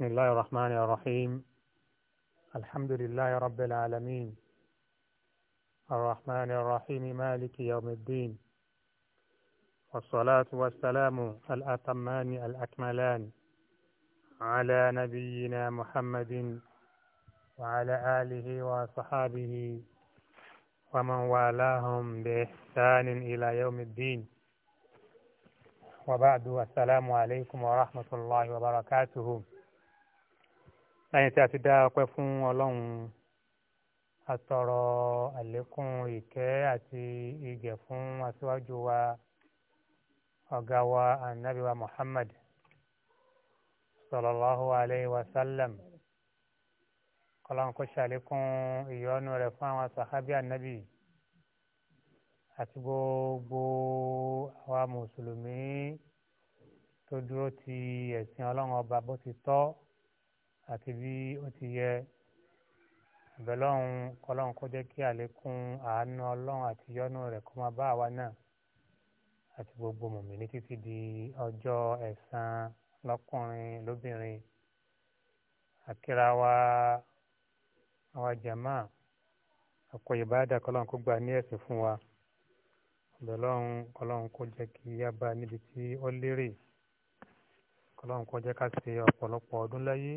بسم الله الرحمن الرحيم الحمد لله رب العالمين الرحمن الرحيم مالك يوم الدين والصلاة والسلام الأتمان الأكملان على نبينا محمد وعلى آله وصحابه ومن والاهم بإحسان إلى يوم الدين وبعد السلام عليكم ورحمة الله وبركاته lẹ́yìn tí a ti dá ọpẹ́ fún ọlọ́run atọrọ àlékún ìkẹ́ àti ìgẹ̀ fún aṣíwájú wa ọ̀gá wa anabi muhammad sallallahu alayhi wa sallam kọlọ́run kó ṣàlékún ìyọ́nú rẹ̀ fún àwọn sàhábí anabi àti gbogbo àwa mùsùlùmí tó dúró ti ẹ̀sìn ọlọ́run ọba bó ti tọ́ àti bí ó ti yẹ àbẹ̀lọ́hún kọlọ́hún kó jẹ́ kí àlékún àánú ọlọ́hún àti yọ́nú rẹ̀ kó máa bá àwa náà àti gbogbo mọ̀mìnì títí di ọjọ́ ẹ̀san lọ́kùnrin lóbìnrin àkírà wa àwa jàmá àpò ìbáàdà kọlọ́hún kó gbà ní ẹ̀sìn fún wa àbẹ̀lọ́hún kọlọ́hún kó jẹ́ kí yá bá níbi tí ó lérè kọlọ́hún kó jẹ́ ká ṣe ọ̀pọ̀lọpọ̀ ọdún láyé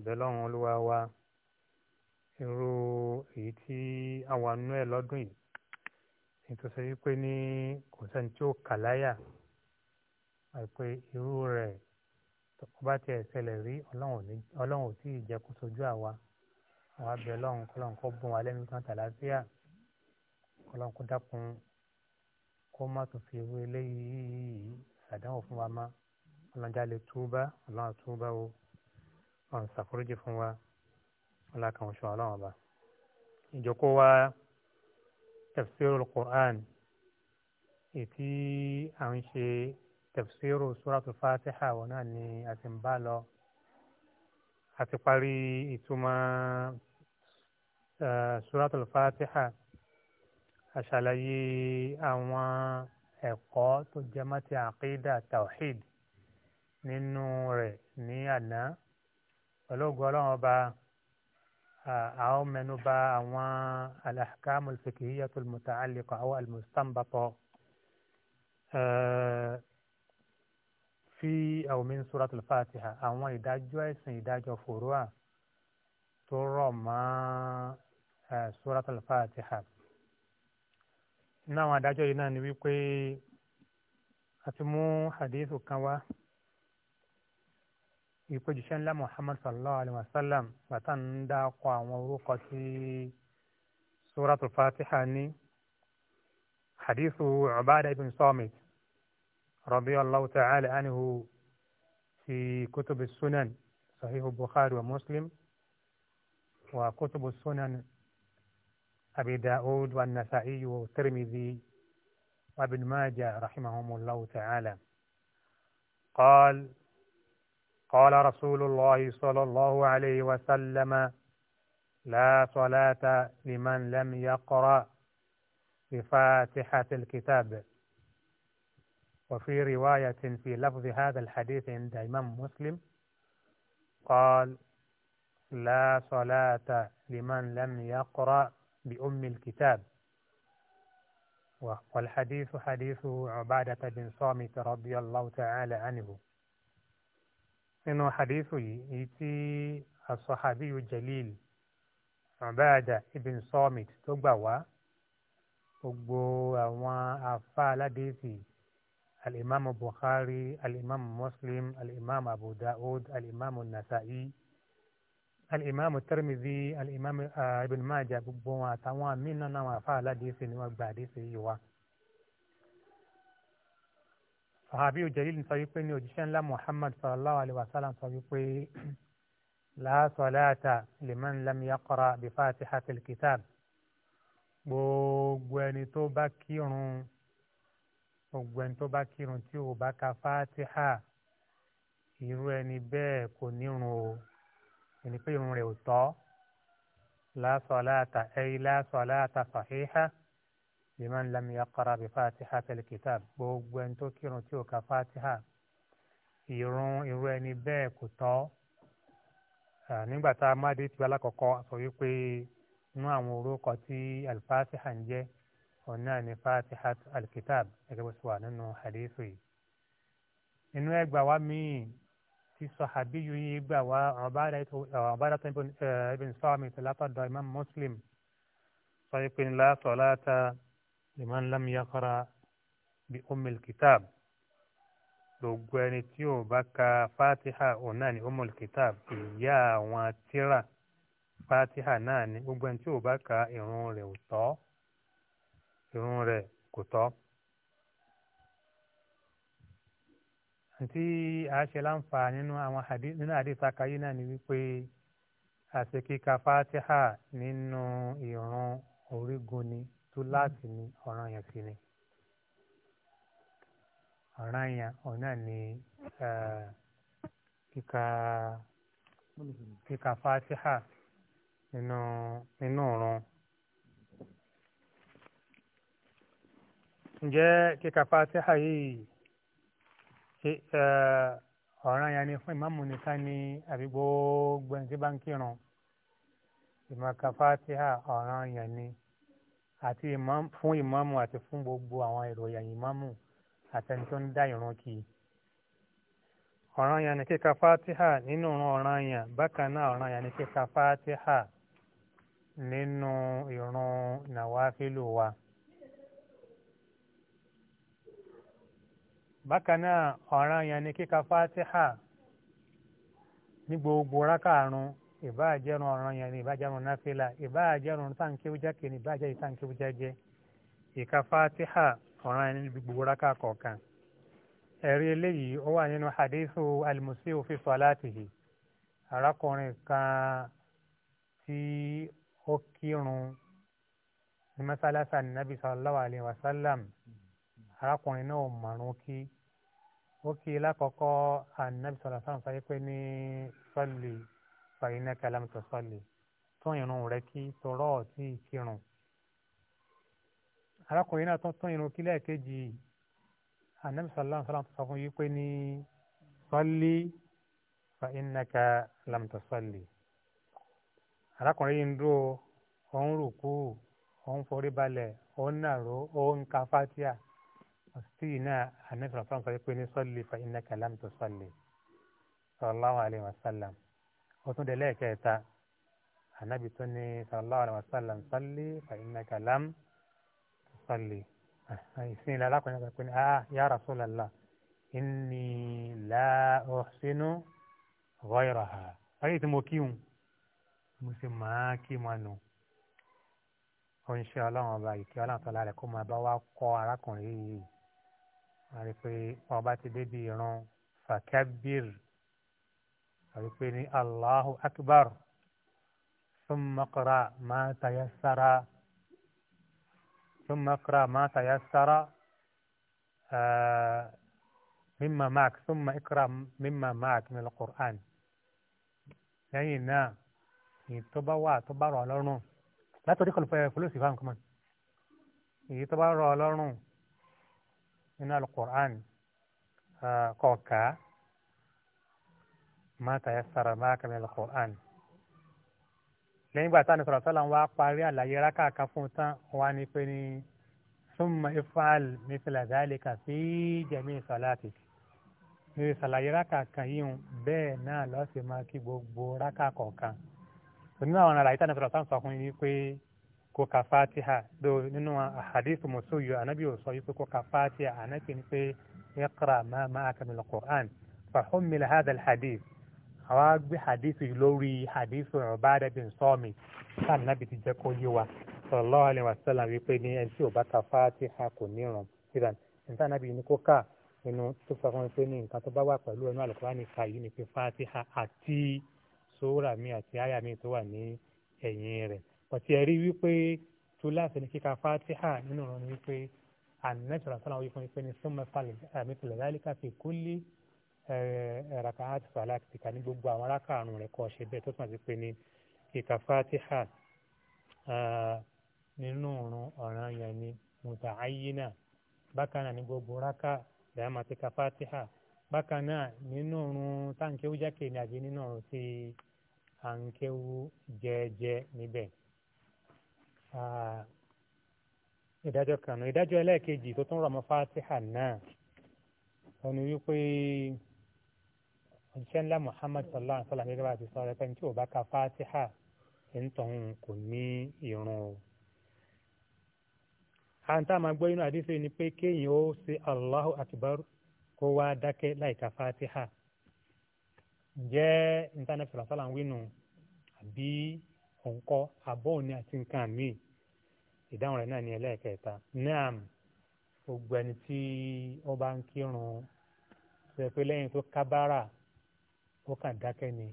àbẹ́lọ́run olúwa wa irú èyí tí àwa nú ẹ̀ lọ́dún yìí nítorí wípé ní kò sẹ́ni tí ó kà láyà àìpé irú rẹ̀ tó bá tiẹ̀ ṣẹlẹ̀ rí ọlọ́run ò tí ì jẹ́ kó sojú àwa àwọn abẹ ọlọ́run kọlọ́run kó bùn wá lẹ́nu kan tàlàáfíà kọlọ́run kó dákun kó má tún fi ewé eléyìí ṣàdánwò fún wa mọ́ ọlọ́run lè túbá ọlọ́run túbá o ọ̀n ṣàforíjì fún wa ọlákan oṣù ọlọ́run ọba ìjókòó wa tafsirul Qur'an ètí à ń ṣe tafsiru suratul Fatiha wọn náà ni a ti ń bá lọ a ti parí ìtumọ̀ eh, suratul Fatiha àṣàlàyé àwọn ẹ̀kọ́ tó jẹ́ mọ́ àkídà tawhid nínú rẹ̀ ní àná pẹ̀lú ògùn ọlọ́run ọba àwọn mẹ́nubà àwọn al-ahkamul fiqhiyyatul muta'alliqa aw al-mustanbata fi aw min suratul fatiha àwọn ìdájọ́ ẹ̀sìn ìdájọ́ fòrúà tó rọ̀ mọ́ suratul fatiha náà àwọn adájọ́ yìí náà ni wípé a ti mú hadithu kan wá. ìpè jùṣẹ́ ńlá muhammad sallallahu alayhi wa sallam bàtà ń dá kọ àwọn orúkọ tí suratul fatiha ní hadithu ubada ibn samit radiyallahu ta'ala anhu fi kutub sunan sahih bukhari wa muslim wa kutub sunan abi daud wa nasa'i wa tirmidhi وابن ماجه رحمهم الله تعالى قال قال رسول الله صلى الله عليه وسلم لا صلاة لمن لم يقرأ بفاتحة الكتاب وفي رواية في لفظ هذا الحديث عند إمام مسلم قال لا صلاة لمن لم يقرأ بأم الكتاب والحديث حديث عبادة بن صامت رضي الله تعالى عنه nínú hadithu yìí èyí tí asọ̀hábíyù jalil ọ̀bẹ́àdà ibn sọ́mìt tó gbà wá gbogbo àwọn afa aládéhìsì alimami bukhari alimami muslim alimami abu daud alimami nasa'i alimami tirmidhi alimami ah, ibn maja gbogbo wọn àtàwọn mí nínú afa aládéhìsì ni wọn gbà àdéhìsì yìí wá sahabi jalil sọ wípé ní òjíṣẹ́ ńlá muhammad sallallahu alayhi wa sallam sọ wípé la salata liman lam yaqra bi fatihatil kitab gbogbo ẹni tó bá kírun gbogbo ẹni tó bá kírun tí ò bá ka fatiha irú ẹni bẹ́ẹ̀ kò nírun o ẹni pé irun rẹ̀ ò tọ́ la salata ay la liman lam yaqra bi fatiha tẹ̀lé kitab gbogbo ẹni tó kírun tí ò ka fatiha ìrun irú ẹni bẹ́ẹ̀ kò tọ́ nígbà tá a má dé tiwa lákọ̀ọ́kọ́ sọ wípé inú àwọn orúkọ tí alifatiha ń jẹ́ òun náà ni fatiha alkitab gẹ́gẹ́ bó ṣe wà nínú hadithu yìí. inú ẹgbàá wa míì tí sọ̀hábí yìí gbà wá ọ̀bára tó ń bọ̀ ibn sọ́ọ̀mì tó látọ̀dọ̀ imam muslim sọ wípé ńlá sọ̀lá ta. لمن لم yaqra bi الكتاب، kitab gbogbo ẹni tí ò bá ka fatiha òun náà ni ummul kitab ìyá àwọn tírà fatiha náà ni gbogbo ẹni tí ò bá ka irun rẹ̀ ò tọ́ irun rẹ̀ kò tọ́. àti àṣẹ láǹfà nínú àwọn nínú àdìsá kayé náà ni wípé àṣekíka fatiha nínú ìrun orígun ni. láti ní ọ̀ràn yẹn sí ni ọ̀ràn yẹn ọ̀nà ni kíka kíka fatiha nínú nínú ọ̀run. ǹjẹ́ kíka fatiha yìí ọ̀ràn yẹn ni fún ìmáàmù nìkan bá àti fún imamu àti fún gbogbo àwọn ìròyìn imamu àtẹni tó ń dá ìrun kì í ọ̀ràn yẹn ni kíka fatiha nínú ìrun ọ̀ràn yẹn bákan náà ọ̀ràn yẹn ni kíka fatiha nínú ìrun nàwáfílù wa. bákan náà ọ̀ràn yẹn ni kíka fatiha ní gbogbo rákàrún ìbáàjẹ́rùn ọ̀ràn yẹn ni ìbáàjẹ́rùn náfìlà ìbáàjẹ́rùn táǹkéwújá kìíní ìbáàjẹ́ ìtàǹkéwújá jẹ́ ìka fatiha ọ̀ràn yẹn ní gbogbo rákà kọ̀ọ̀kan. ẹ̀rí eléyìí ó wà nínú hadithu al-musiu fi salatihi arákùnrin kan tí ó kírun ní mọ́sálásá nàbí sallallahu alayhi wa sallam arákùnrin náà mọ̀rún kí ó kí lákọ̀ọ́kọ́ ànábì sallallahu alayhi wa sallam sọ fàyínà kàlám tọ́sọ́lì tún irun rẹ kí tọrọ ọtí ìkírun arákùnrin náà tún tún irun kí lẹ́ẹ̀kejì anabi sallallahu alaihi wa sallam sọ fún yìí pé ní sọ́lì fàyínà kàlám tọ́sọ́lì arákùnrin yìí ń dúró òun rùkú òun forí balẹ̀ òun nàró òun ka fatia sí náà anabi sallallahu alaihi wa sallam sọ pé ní sọ́lì fàyínà kàlám tọ́sọ́lì sallallahu alaihi wa sallam ó tún délé ẹ̀kẹta ànábì tó ní sallallahu alaihi wasallam salli fa innaka lam salli ìsìn ilẹ̀ alákùnrin kan pé ní ah ya rasulallah inni la uhsinu ghayraha ayé tí mo kíhun mo sì máa kí mo nù ó ń ṣe ọlọ́run ọba ìkẹ́ ọlọ́run tó lára kó máa bá wa kọ́ arákùnrin yìí wọ́n rí i pé ọba ti débi ìran fàkẹ́bìrì àwípé ní Allahu akbar thumma qra ma tayassara thumma qra ma tayassara eh, mimma ma'ak thumma iqra mimma ma'ak min al-Qur'an lẹ́yìn náà èyí tó bá wà tó bá rọ̀ lọ́rùn látọ̀rí kọlùfọ ẹ̀ eh, fọlọ́sì fáwọn kọ́mọ́ èyí tó bá rọ̀ lọ́rùn nínú alukur'an eh, kọ̀ọ̀ká ma tayassara ma'aka min al-Qur'an lẹ́yìn ìgbà táwọn ìsọ̀rọ̀ sọ́la wa parí àlàyé rákàkà fún un tán wa ni pé ní summa if'al mithla dhalika fi jami'i salatik ní ìsàlàyé rákàkà yìí ń bẹ́ẹ̀ náà lọ́sẹ̀ máa kí gbogbo rákàkà kan nínú àwọn àlàyé táwọn ìsọ̀rọ̀ sọ́la sọ fún yín pé kó ka fatiha do nínú àhàdìsù mùsùlùmí ànábì ò sọ yìí pé kó ka fatiha ànábì ni pé iqra ma ma'aka min al-Qur'an fa hummila hadha al-hadith àwa gbé hadith yìí lórí hadith Ubadah bin Samit sáà nàbì ti jẹ́ kó yé wa sallallahu alaihi wasallam wípé ní ẹni tí ò bá ka Fatiha kò ní ràn síra níta nàbì ní kó ká inú tó sọ fún mi pé ní nǹkan tó bá wà pẹ̀lú ẹnu Al-Qur'ani nìka yìí ni pé Fatiha àti sóra mi àti àyà mi tó wà ní ẹ̀yìn rẹ̀ pọ̀tí ẹ̀rí wípé tulaasi ni kíka fatiha nínú ọ̀rọ̀ ni wípé ànínẹ́tọ̀rọ̀ Eh, eh, rakaat salat kíkà ní gbogbo àwọn arákàrún rẹ̀ kọ́ ṣe bẹ́ẹ̀ tó túmọ̀ sí pé ní kíkà fatiha nínú ọ̀run ọ̀ràn yẹn ni mutaayina bákan náà gbogbo raka lẹ́yìn ti ka fatiha bákan náà nínú ọ̀run táǹkéwú jákè ní àbí nínú ọ̀run ti àǹkéwú jẹ́ẹ́jẹ́ níbẹ̀ ìdájọ́ kan náà ìdájọ́ ẹlẹ́ẹ̀kejì tó tún rọ̀ mọ́ òṣìṣẹ́ ńlá muhammad sallallahu alayhi wa sallam gẹ́gẹ́ bá ti sọ ọ́ pẹ́ni tí ò bá ka fatiha ẹ̀ ń tọ̀hún kò ní ìrun o. àǹtá máa gbọ́ inú àdísọ́ yìí ni pé kéèyàn ó ṣe allahu akbar kó wá dákẹ́ láì ka fatiha jẹ́ intanẹ́tì sallallahu alayhi wa sallam wínú àbí òǹkọ́ àbọ̀n ni àti nǹkan míì ìdáhùn rẹ̀ náà ní ẹlẹ́ẹ̀kẹta naam gbogbo ẹni tí ó bá ń kírun ṣe pé lẹ́yìn tó kábàárà ó kà dákẹ́ ni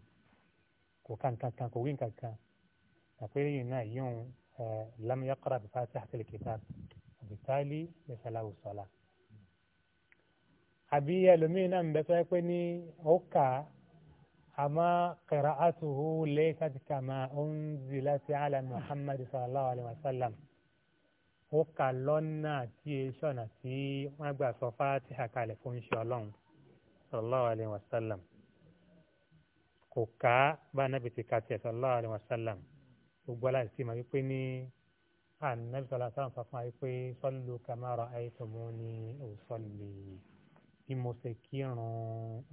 kò kà nǹkankan kò wí nǹkankan àpẹẹrẹ yìí náà yóò lam yaqra bi fatihatil kitab àbítálí lẹ́sàlá òsọ̀lá. àbí ẹlòmíín náà ń bẹ fẹ́ pé ní ó kà á àmọ́ qira'atuhu laysat kama unzilat ala muhammad sallallahu alayhi wa sallam ó kà lọ́nà tí e sọ̀nà tí wọ́n gbà sọ fatiha kalẹ̀ fún ṣọlọ́n sallallahu alayhi wa sallam kò ká bá anabi ti ka tiẹ̀ sallallahu alaihi wasallam gbogbo aláàtì tí ma wípé ní anabi sallallahu alaihi wasallam sọ fún wa wípé sallu kama ra'aytumuni usalli bí mo ṣe kírun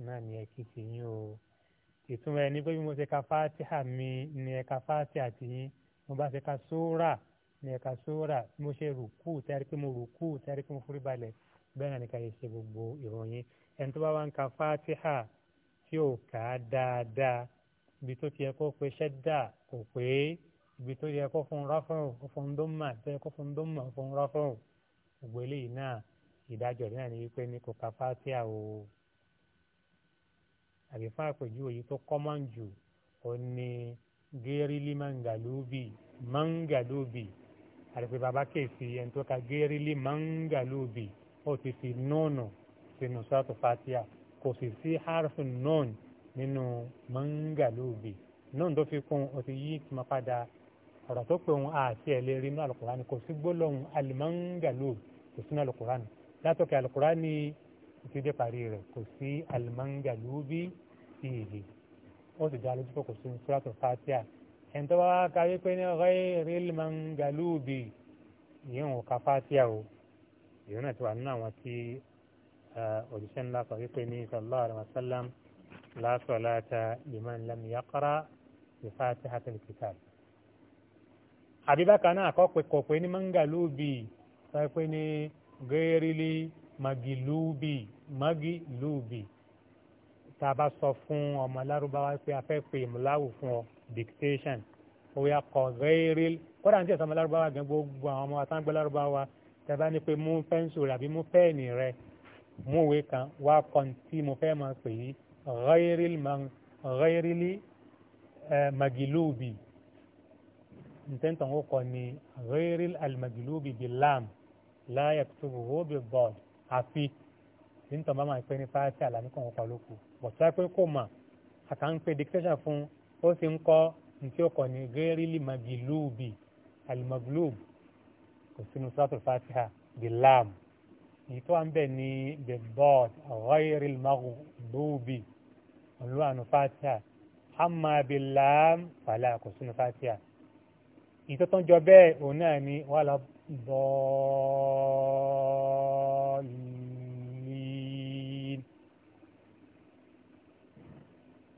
náà ni ẹ kí ti yín o ìtumọ̀ ẹni pé bí mo ṣe ka fatiha mi ni ẹ ka fatiha ti yín mo bá ṣe ka sóra ni ẹ ka sóra mo ṣe rùkú tẹ́rí pé mo rùkú tẹ́rí pé mo forí balẹ̀ bẹ́ẹ̀ náà ni ká yẹ ṣe gbogbo ìròyìn ẹni tó bá wá ń ka fatiha tí ò kà á dáadáa ibi tó ti yẹ kó pe ṣẹ́dá kò pé ibi tó yẹ kó fún ráfọ́n kó fún dómà tó yẹ kó fún dómà fún ráfọ́n gbogbo eléyìí náà ìdájọ́ náà ni wípé ní kò ka fátíà o àbí fún àpèjúwe yìí tó kọ́mọ́n jù ó ní gẹ́rìlì mangalubi mangalubi àdìpé bàbá kèsì ẹni tó ka gẹ́rìlì mangalubi ó ti fi nọ́ọ̀nù sínú sọ́ọ̀tù fátíà kò sì sí harfun non nínú mangalubi non tó fi kún o ti yí tuma padà ọ̀rọ̀ tó pé òun àti ẹ̀lẹ́ rí nínú alukurani kò sí gbólóhùn alimangalubi kò sí nínú alukurani látọ̀kẹ́ alukurani ti dé parí rẹ̀ kò sí alimangalubi tìhì ó sì dá lójú pé kò sí nítorí fatia ẹni tó bá wá ka wípé ní ghayril mangalubi ìyẹn ò ka fatia o ìyẹn náà ti wà nínú àwọn tí òjíṣẹ́ ńlá kan wípé ní sallallahu alaihi wasallam la salata liman lam yaqra bi fatihatil kitab àbíbákan náà kọ́ pé kọ̀pẹ́ ní mangalubi sọ pé ní gẹ́rìlì magilubi magilubi tá a bá sọ fún ọmọ lárúbáwá pé a fẹ́ pè mùláwù fún ọ dictation òyà kọ̀ gẹ́rìlì kódà ní ìsọmọ lárúbáwá gan gbogbo àwọn ọmọ àtàgbẹ́ lárúbáwá tẹ́ bá ní pé mú pẹ́ńsù rẹ̀ àbí mú pẹ́ẹ̀nì rẹ̀ mú ìwé kan wá kan tí mo fẹ́ máa pè ní ghairili magilubi ntẹ́ntàn ó kọ ní ghairil almagilubi bi lam la yaktubuhu bi bọ́ọ̀d àfi nítorí bá máa pẹ́ ní fáṣí àlàní kan ó kọ lóko bọ̀tá pé kò mà àkànpé dictation fún ó sì ń kọ́ ntí ó kọ ní ghairil magilubi almagilubi kò sínú sọ́tò fáṣí bi lam èyí tó wà ń bẹ̀ ní the board ghayril maghdubi olùwànú fatia amma billam fàlà kò sínú fatia èyí tó tán jọ bẹ́ẹ̀ òun náà ni wala dọ́ọ̀lìn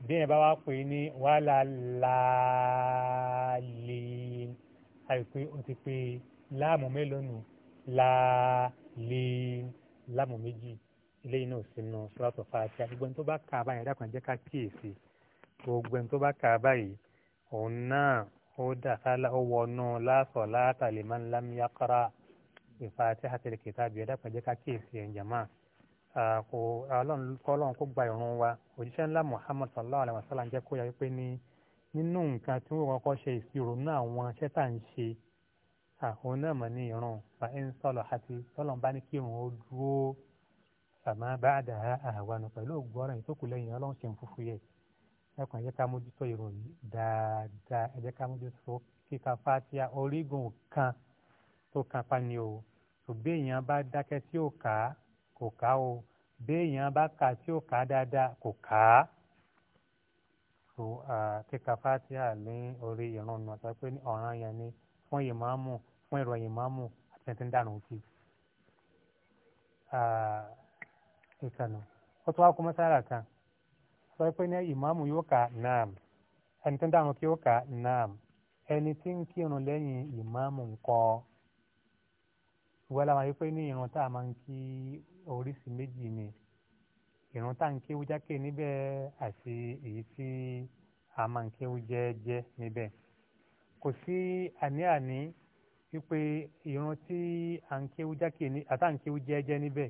bí ẹ bá wá pè ní wala láàlìn àìpé o ti pè láàmù mélòó nù láàlìn lé lámù méjì eléyìí náà sínú sọ́tò fàáfíà gbogbo ẹni tó bá kà á báyìí dákun jẹ́ ká kíyèsí gbogbo ẹni tó bá kà á báyìí òun náà ó dà sálá ó wọnú láàsọ̀ látàlẹ́ máa ń lámúyá kọ́ra ìfàáfíà àtẹlẹ kìtà bí ẹ dákun ká kíyèsí ẹ̀ jàmá kò ọlọ́run kó gba ìrun wa òjíṣẹ́ ńlá Muhammad sallallahu alayhi wa sallam jẹ́ kó yà wípé ní nínú nǹkan tí wọ́n kọ́ àwọn náà mọ̀ ní irun fa ń sọ̀lọ̀ àti tọ́lọ̀ bá ní kí irun ó dúró fàmà bá dà á àwọnù pẹ̀lú ògbọ́rọ̀ yìí tó kù lẹ́yìn ọlọ́run ṣe ń fúfú yẹ ẹkùn ẹ̀jẹ̀ ká mójútó irun yìí dáadáa ẹ̀jẹ̀ ká mójútó kíka fátíà orígun kan tó kan pani o ṣùgbọ́n èèyàn bá dákẹ́ tí ò ká kò ká o béèyàn bá kà tí ò ká dáadáa kò ká á so kíka fátíà ní orí irun nù àti pé ọ̀ràn yẹn ni fún ìmáàmù fún ìròyìn ìmáàmù àti ẹni tí ń dànù kí. ìkànnì ó tún wá kó mọ́sára kan sọ pé ní ìmáàmù yóò kà naam ẹni tí ń dànù kí yóò kà naam ẹni tí ń kírun lẹ́yìn ìmáàmù ńkọ́ ìwọ́n làwọn yìí pé ní irun tá a máa ń kí oríṣi méjì ni ìrún tá à ń kéwú jákè níbẹ̀ àti èyí tí a máa ń kéwú jẹ́ẹ́jẹ́ níbẹ̀ kò sí àní-àní wípé ìran tí à ń kéwú jákè ní àtà ń kéwú jẹ́ẹ́jẹ́ níbẹ̀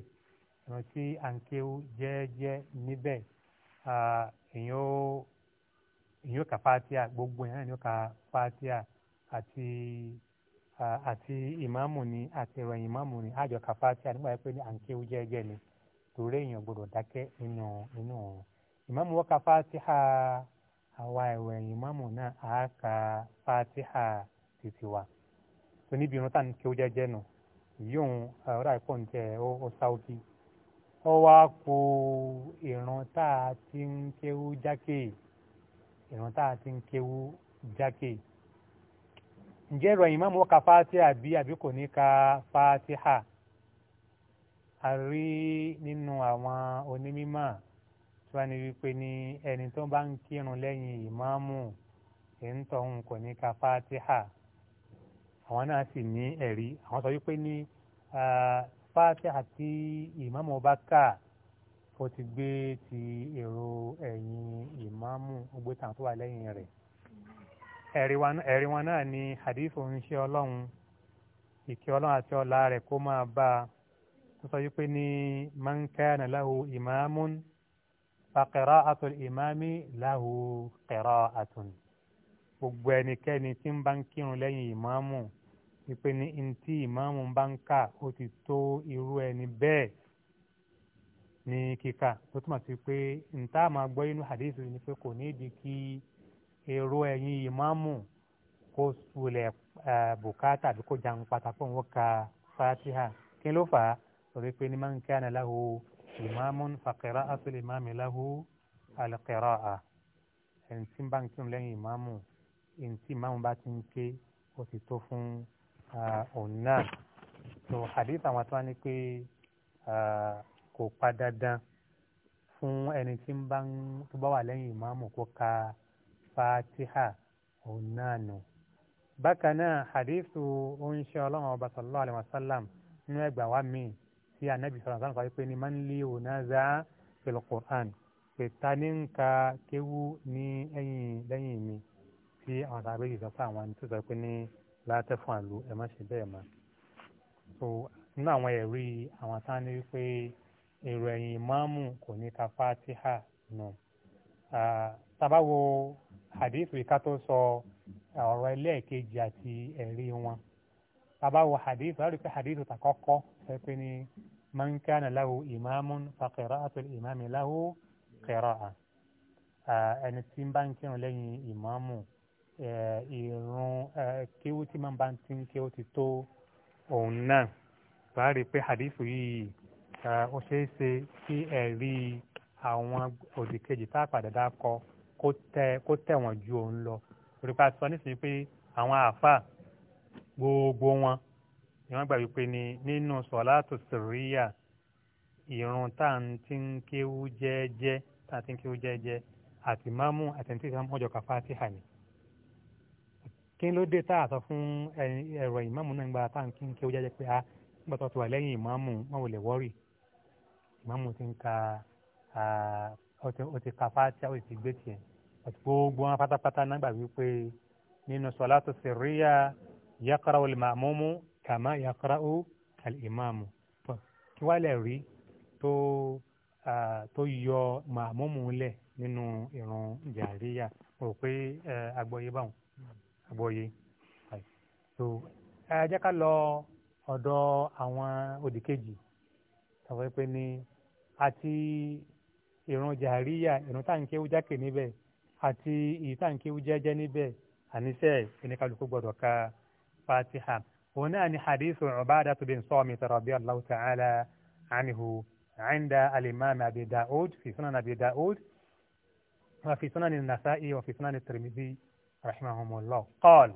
ìran tí à ń kéwú jẹ́ẹ́jẹ́ níbẹ̀ èyàn ó kà fátíà gbogbo èyàn náà ni ó kà fátíà àti àti ìmáàmù ni àti ìròyìn ìmáàmù ni àjọ kà fátíà nígbà pé à jẹ́ẹ́jẹ́ ni torí èyàn gbọdọ̀ dákẹ́ nínú nínú ìmáàmù wọ́n kà fátíà. àwa ẹ̀wẹ̀ ìmáàmù náà á ka fatiha títí wa tó níbi irun táwọn kí ó jẹ́jẹ́ nù yìí ọ̀rọ̀ àìpọ̀ ń jẹ́ ó ku tá a ti ń kéwú jákè ìrun tá a ti ń kéwú jákè ǹjẹ́ ìmáàmù ka fatiha bí àbí kò ní ka fatiha a rí nínú àwọn wá ní wípé ní ẹni tó bá ń kírun lẹ́yìn ìmáàmù ẹ̀ńtọ̀hún kò ní ka fatiha àwọn náà sì ní ẹ̀rí àwọn sọ wípé ní fatiha tí ìmáàmù bá kà ó ti gbé ti èrò ẹ̀yìn ìmáàmù ó gbé tàn tó wà lẹ́yìn rẹ̀ ẹ̀rí wọn náà ni hadith oníṣẹ́ ọlọ́run ìkẹ́ ọlọ́run àti ọlá rẹ̀ kó máa bá a tó sọ wípé ní man kana lahu ìmáàmù. فقراءة الإمام له قراءة gbogbo ẹnikẹ́ni tí ń bá ń kírun lẹ́yìn ìmáàmù wípé ní ntí ìmáàmù bá ń kà ó ti tó irú ẹni bẹ́ẹ̀ ní kíkà tó túmọ̀ sí pé ntá máa gbọ́ inú hadith ni pé kò ní di kí èrò ẹ̀yìn ìmáàmù kó sulẹ̀ bùkátà àbí kó jàǹpátá fún òun ká fatiha kí ló fà á sọ wípé ní máa ń kí àná imamun faqira'atu imami lahu alqira'a ẹni tí ń bá ń kírun lẹ́yìn ìmáàmù ẹni tí ìmáàmù bá ti ń ké ó ti tó fún òun náà tó hadith àwọn tó wá ní pé kò pa dandan fún ẹni tí ń bá ń tó bá wà lẹ́yìn ìmáàmù kó ka fatiha òun nù. bákan náà hadith ó ń ṣe ọlọ́run ọba sallallahu alaihi nínú ẹgbàá wa míì tí anabi sọ̀rọ̀ sọ̀rọ̀ sọ̀rọ̀ pé ni máa ń lé òun náà zá pẹ̀lú Qur'an pé ta ní ń ka kéwú ní ẹ̀yìn lẹ́yìn mi tí àwọn sàbẹ̀ yìí sọ pé àwọn tó sọ pé ní látẹ̀ fún àlù ẹ̀ má ṣe bẹ́ẹ̀ mọ́. so nínú àwọn ẹ̀rí àwọn tá a ní wípé èrò ẹ̀yìn ìmáàmù kò ní ka fatiha nù. tabawo hadith ìka tó sọ ọ̀rọ̀ ẹlẹ́ẹ̀kejì àti ẹ̀rí wọn tabawo hadith wọ́n pé hadith tàkọ́kọ́ pé ní man kana lahu imamun fa qira'atul imami lahu qira'a ẹni tí ń bá ń kírun lẹ́yìn ìmáàmù ìrun kéwú tí máa ń bá ti ń kéwú ti tó òun náà wàá rí i pé hadith yìí ó ṣeé ṣe kí ẹ̀rí àwọn òdìkejì tá a padà dákọ kó tẹ̀ wọ́n ju òun lọ torí sọ nísìnyí pé àwọn àáfàá gbogbo wọn ni wọ́n gbà wípé ni nínú sọ̀látù sirriya ìrun tá à ń ti ń kéwú jẹ́ẹ́jẹ́ tá à ń ti ń kéwú jẹ́ẹ́jẹ́ àti mámú àti ní títí ọjọ́ kà fátíhà ni. kí ló dé tá a sọ fún ẹ̀rọ ìmáàmù náà gba tá à ń kéwú jẹ́ẹ́jẹ́ pé a ah, nígbà tó ti wà lẹ́yìn ìmáàmù wọn ò lè wọ́rì ìmáàmù ti ń ka ó ti ka ó ti gbé tiẹ̀ àti gbogbo wọn pátápátá náà wípé nínú sọ̀látù sirriya yaqra'ul ma'mumu kàmá yàkàràó alìmáàmù kí wàá lè rí tó tó yọ màmúmù lẹ̀ nínú ìrun jàríyà rò pé agbọ́yé báwọn agbọ́yé so ẹ jẹ́ ká lọ ọ̀dọ̀ àwọn òdìkejì tàbí pé ní àti ìrun jàríyà ìrun táǹkéwú jákè níbẹ̀ àti ìyí táǹkéwú jẹ́jẹ́ níbẹ̀ àníṣe ẹnìkàlùkù gbọ́dọ̀ ka fatiha. هنا حديث عبادة بن صامت رضي الله تعالى عنه عند الإمام أبي داود في سنن أبي داود وفي سنن النسائي وفي سنن الترمذي رحمهم الله قال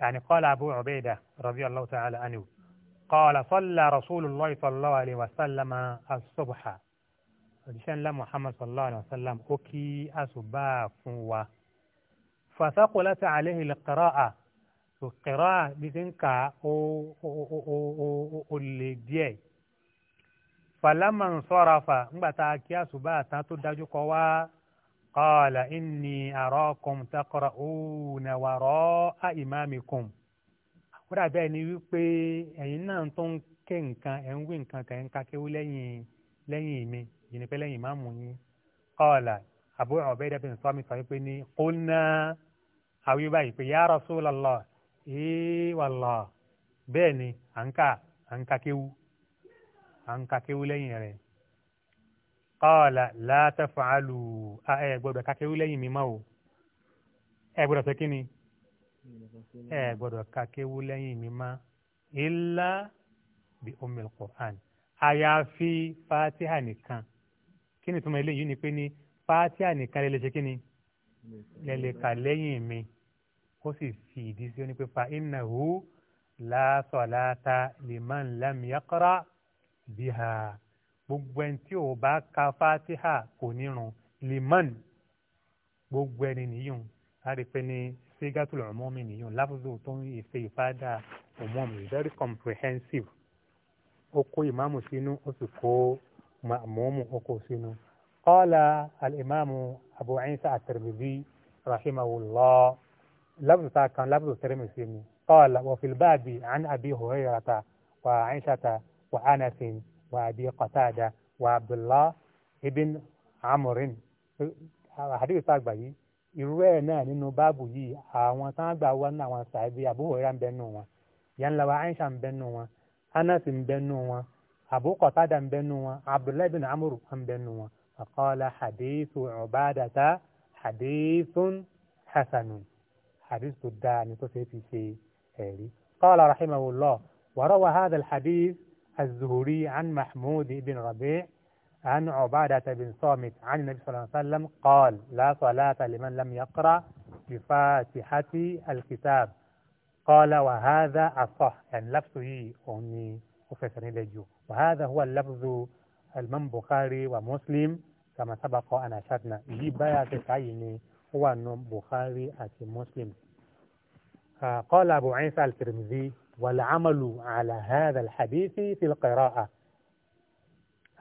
يعني قال أبو عبيدة رضي الله تعالى عنه قال صلى رسول الله صلى الله عليه وسلم الصبح òjíṣẹ́ ńlá محمد صلى الله عليه وسلم أكي kí فثقلت عليه القراءة so kẹrọ a bí ti ń kà ó ó ó ó lè díẹ̀ falama ń sọra fa ńgbà tá a kí àṣùbà tán tó dájú kọ wá qala inni arakum taqra'una wara'a imamikum ó dàbí wípé ẹ̀yin náà tó ń ké nǹkan ẹ̀ ń wí nǹkan kẹ̀ ń ka kéwú lẹ́yìn mi yìí ni pé lẹ́yìn máàmù yín qala Abu Ubaida bin Samit sọ wípé ní qulna àwíwá yìí pé ya Rasulallah ee eh, wàllá bẹ́ẹ̀ ni à ń kà à ń ka kéwu à ń ka kéwu lẹ́yìn rẹ̀ qala la taf'alu ẹ gbọ́dọ̀ ka kéwu lẹ́yìn mi mọ́ o ẹ gbọ́dọ̀ sọ kíni ẹ gbọ́dọ̀ ka kéwu lẹ́yìn mi mọ́ illa bi ummil qur'an àyàfi fatiha nìkan kíni tó ma eléyìí ni pé ní fatiha nìkan lè lè ṣe kíni lè lè kà lẹ́yìn mi kó sì fi ìdí sí ọ́ni pé fa innahu la salata liman lam yaqra biha gbogbo ẹni tí ò bá ka fatiha kò nírun liman gbogbo ẹni nìyíùn a rí pé ní sígátùlù ọmọmi nìyíùn láfùzù tó ń ṣe ìfádà ọmọmi very comprehensive ó kó ìmáàmù sínú ó sì kó mọ̀ọ́mù ó sínú. قال الإمام أبو عيسى الترمذي رحمه الله لفظ كان لفظ الترمذي قال وفي الباب عن أبي هريرة وعائشة وأنس وأبي قتادة وعبد الله ابن عمرو حديث تاgbà yìí irú ẹ̀ náà nínú báàbù yìí àwọn tán gbà wá ní àwọn sàbí Abu Hurairah ń bẹ nù wọn yànlá wa Aisha ń bẹ nù wọn Anas ń bẹ nù wọn Abu Qatada ń bẹ nù wọn Abdullahi bin Amr ń bẹ nù wọn faqala hadithu Ubadata hadithun hasanun حديث يعني tó dáa ni tó هذه قال رحمه الله وروى هذا الحديث الزهري عن محمود بن ربيع عن عبادة بن صامت عن النبي صلى الله عليه وسلم قال لا صلاة لمن لم يقرأ بفاتحة الكتاب قال وهذا الصح يعني لفظه أني أفسرني لجو وهذا هو اللفظ المنبخاري بخاري ومسلم كما سبق أن أشرنا يجيب بيا عيني هو أنه بخاري أتي مسلم قال أبو عيسى الترمذي والعمل على هذا الحديث في القراءة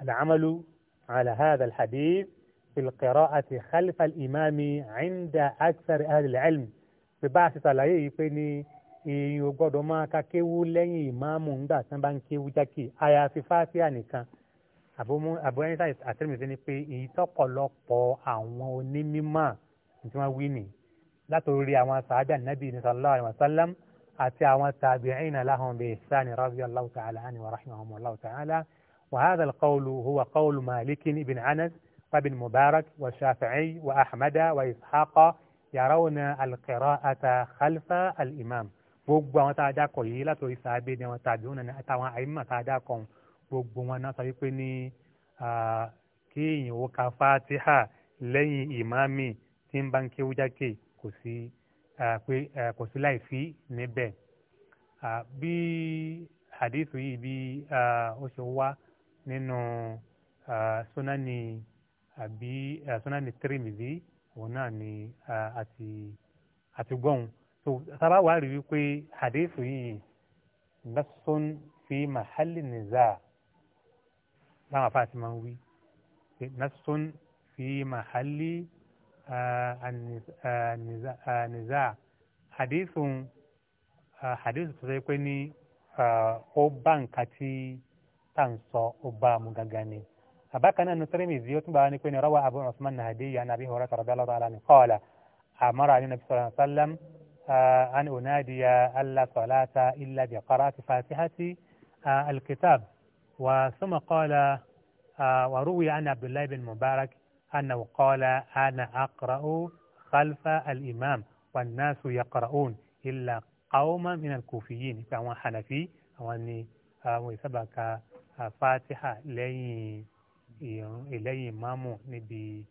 العمل على هذا الحديث في القراءة خلف الإمام عند أكثر أهل العلم في بعض سلايه فيني èèyàn ما máa لين إمام lẹ́yìn ìmáàmù كيو tí wọ́n في ń kéwú jákè àyàfi fátíà nìkan àbúrò ẹni sáà tí wọ́n wí nì látòrí àwọn sàábẹ̀ nàbí sallallahu alaihi wasallam àti àwọn tabi'ina lahum bi ihsani radiyallahu ta'ala anhu wa rahimahumullahu ta'ala wa hadha al-qawl huwa qawl malik ibn anas وابن مبارك والشافعي وأحمد وإسحاق يرون القراءة خلف الإمام gbogbo àwọn tá a dákọ̀ yìí látòrí sàábé ni àwọn tàbí òun àtàwọn àìmọ̀ tá a dákọ̀ gbogbo wọn náà sọ wípé ní kí èèyàn ó ka fatiha lẹ́yìn ìmáàmì tí ń bá ń kéwú jákè kò sí pé kò sí láì sí níbẹ̀. bí hadith yìí bí ó ṣe wá nínú sunani àbí sunani tirimidi òun náà ni àti àti gbọ́n so sábà wàá rí wípé hadith yìí lọ́sùn fi mahali nìza báwọn afáàtì máa ń wí lọ́sùn fi mahali nìza. آه، النزاع آه، آه، حديث حديث tó sọ pé ní ó bá nǹkan tí tá à ń sọ أباك أن الترمذي يتبع أن يكون روى أبو عثمان النهدي عن أبي هريرة رضي الله تعالى عنه قال أمر علينا النبي صلى الله عليه وسلم أن أنادي ألا صلاة إلا بقراءة فاتحة الكتاب وثم قال وروي عن عبد الله بن مبارك أنه قال أنا أقرأ خلف الإمام والناس يقرؤون إلا قوما من الكوفيين فهو حنفي أو أني آه، ويسبك آه، فاتحة لي إلي إمام نبي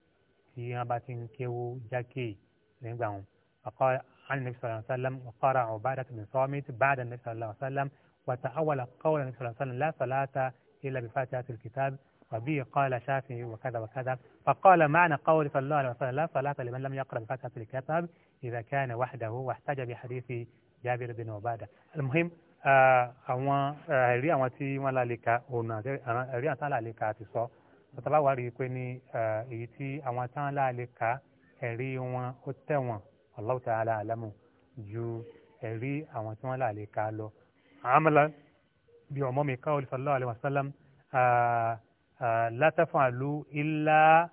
في أباتين كيو جاكي نبعهم فقال عن النبي صلى الله عليه وسلم وقرأ عبادة بن صامت بعد النبي صلى الله عليه وسلم وتأول قول النبي صلى الله عليه وسلم لا صلاة إلا بفاتحة الكتاب وبي قال شافي وكذا وكذا فقال معنى قول صلى الله عليه وسلم لا صلاة لمن لم يقرأ الفاتحة في الكتاب إذا كان وحده واحتج بحديث جابر بن عبادة المهم آه، أما ولا آه، لك أنا تعالى لك فطلع وريكني إيتي آه، أما تعالى لك الله تعالى أعلم جو إري أما تعالى عملا بعموم قول صلى الله عليه وسلم لا تفعلوا إلا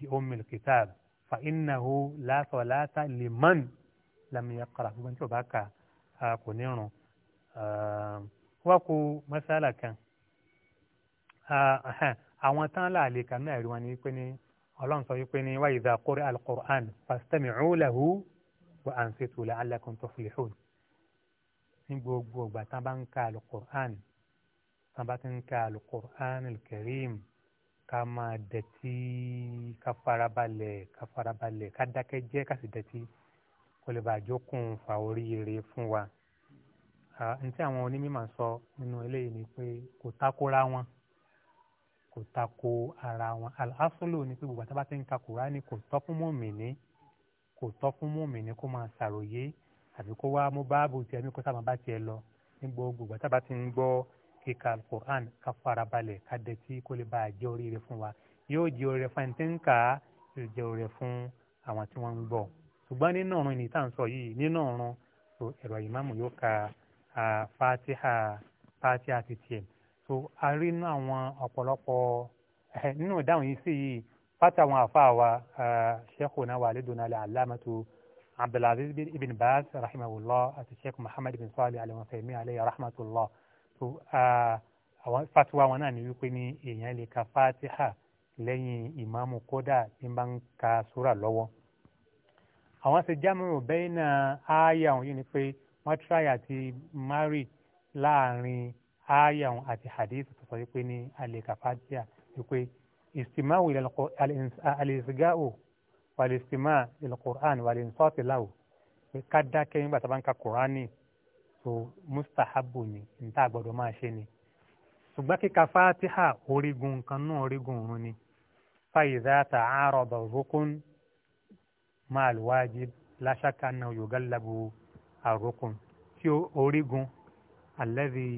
بأم الكتاب فإنه لا صلاة لمن لم يقرأ من تبقى كنيرو وكو مسألة كان àwọn tán láàlè kan náà rí wọn ní pé ní ọlọ́run sọ wípé ní wa idha quri'a al-Qur'an fastami'u lahu wa ansitu la'allakum tuflihun ní gbogbo ìgbà tán bá ń ka al bá ti ń ka alukur'an alukarim ká máa dẹ̀tí ká farabalẹ̀ ká farabalẹ̀ ká dákẹ́ jẹ́ ká sì dẹ̀tí kó lè bàa jókòó fa oríire fún wa. ntí àwọn onímọ̀ sọ nínú eléyìí ni pé kò takora wọn kò tako ara wọn al ni pé gbogbo àtàbà tí ń ka kùránì kò tọ́ fún mùmìnì kò tọ́ fún mùmìnì kó máa ṣàròyé àbí kó wá mú báàbù tiẹ̀ ní kó sábà bá tiẹ̀ lọ ní gbogbo àtàbà tí ń gbọ́ kíka alukur'an ká farabalẹ̀ ká dẹ̀tí kó lè bá a jẹ́ oríire fún wa yóò jẹ́ oríire fún ẹni tí ń kà á yóò jẹ́ oríire fún àwọn tí wọ́n ń gbọ́ ṣùgbọ́n nínú ọ̀run ní tá à ń sọ yìí nínú ọ̀run so ẹ̀rọ ìmáàmù yóò ka fatiha fatiha ti tiẹ̀ so a rí inú àwọn ọ̀pọ̀lọpọ̀ nínú ìdáhùn yìí sí yìí fata àwọn àfa wa sheikhuna wa aliduna al-allamatu abdulaziz ibn baz rahimahullah àti sheikh muhammad ibn salih alayhi wa sallam alayhi rahmatullah so àwọn fatiwa wọn náà ni wípé ní èèyàn lè ka fatiha lẹ́yìn ìmáàmù kódà tí n bá ń ka sura lọ́wọ́ àwọn ṣe jámùrù bẹ́ẹ̀ náà ááyà òun yìí ni pé wọ́n tíráyà àti mari láàrin ááyà òun àti hadith tó sọ wípé ní alẹ́ ka fatiha wípé ìsìmáwò alẹ́sìgáwò wàlẹ́sìmá ìlẹ̀ kùrán wàlẹ́sọ́ọ̀tì láwò ká dákẹ́ nígbà tá a bá ń ka kùránì so mustahabu ni níta gbọ́dọ̀ máa ṣe ni ṣùgbọ́n kíka fatiha orígun kan náà orígun òun ni fàyíṣà ta'arada rukun ma'al wajib la shakka annahu yugallabu ar-rukun tí orígun alladhi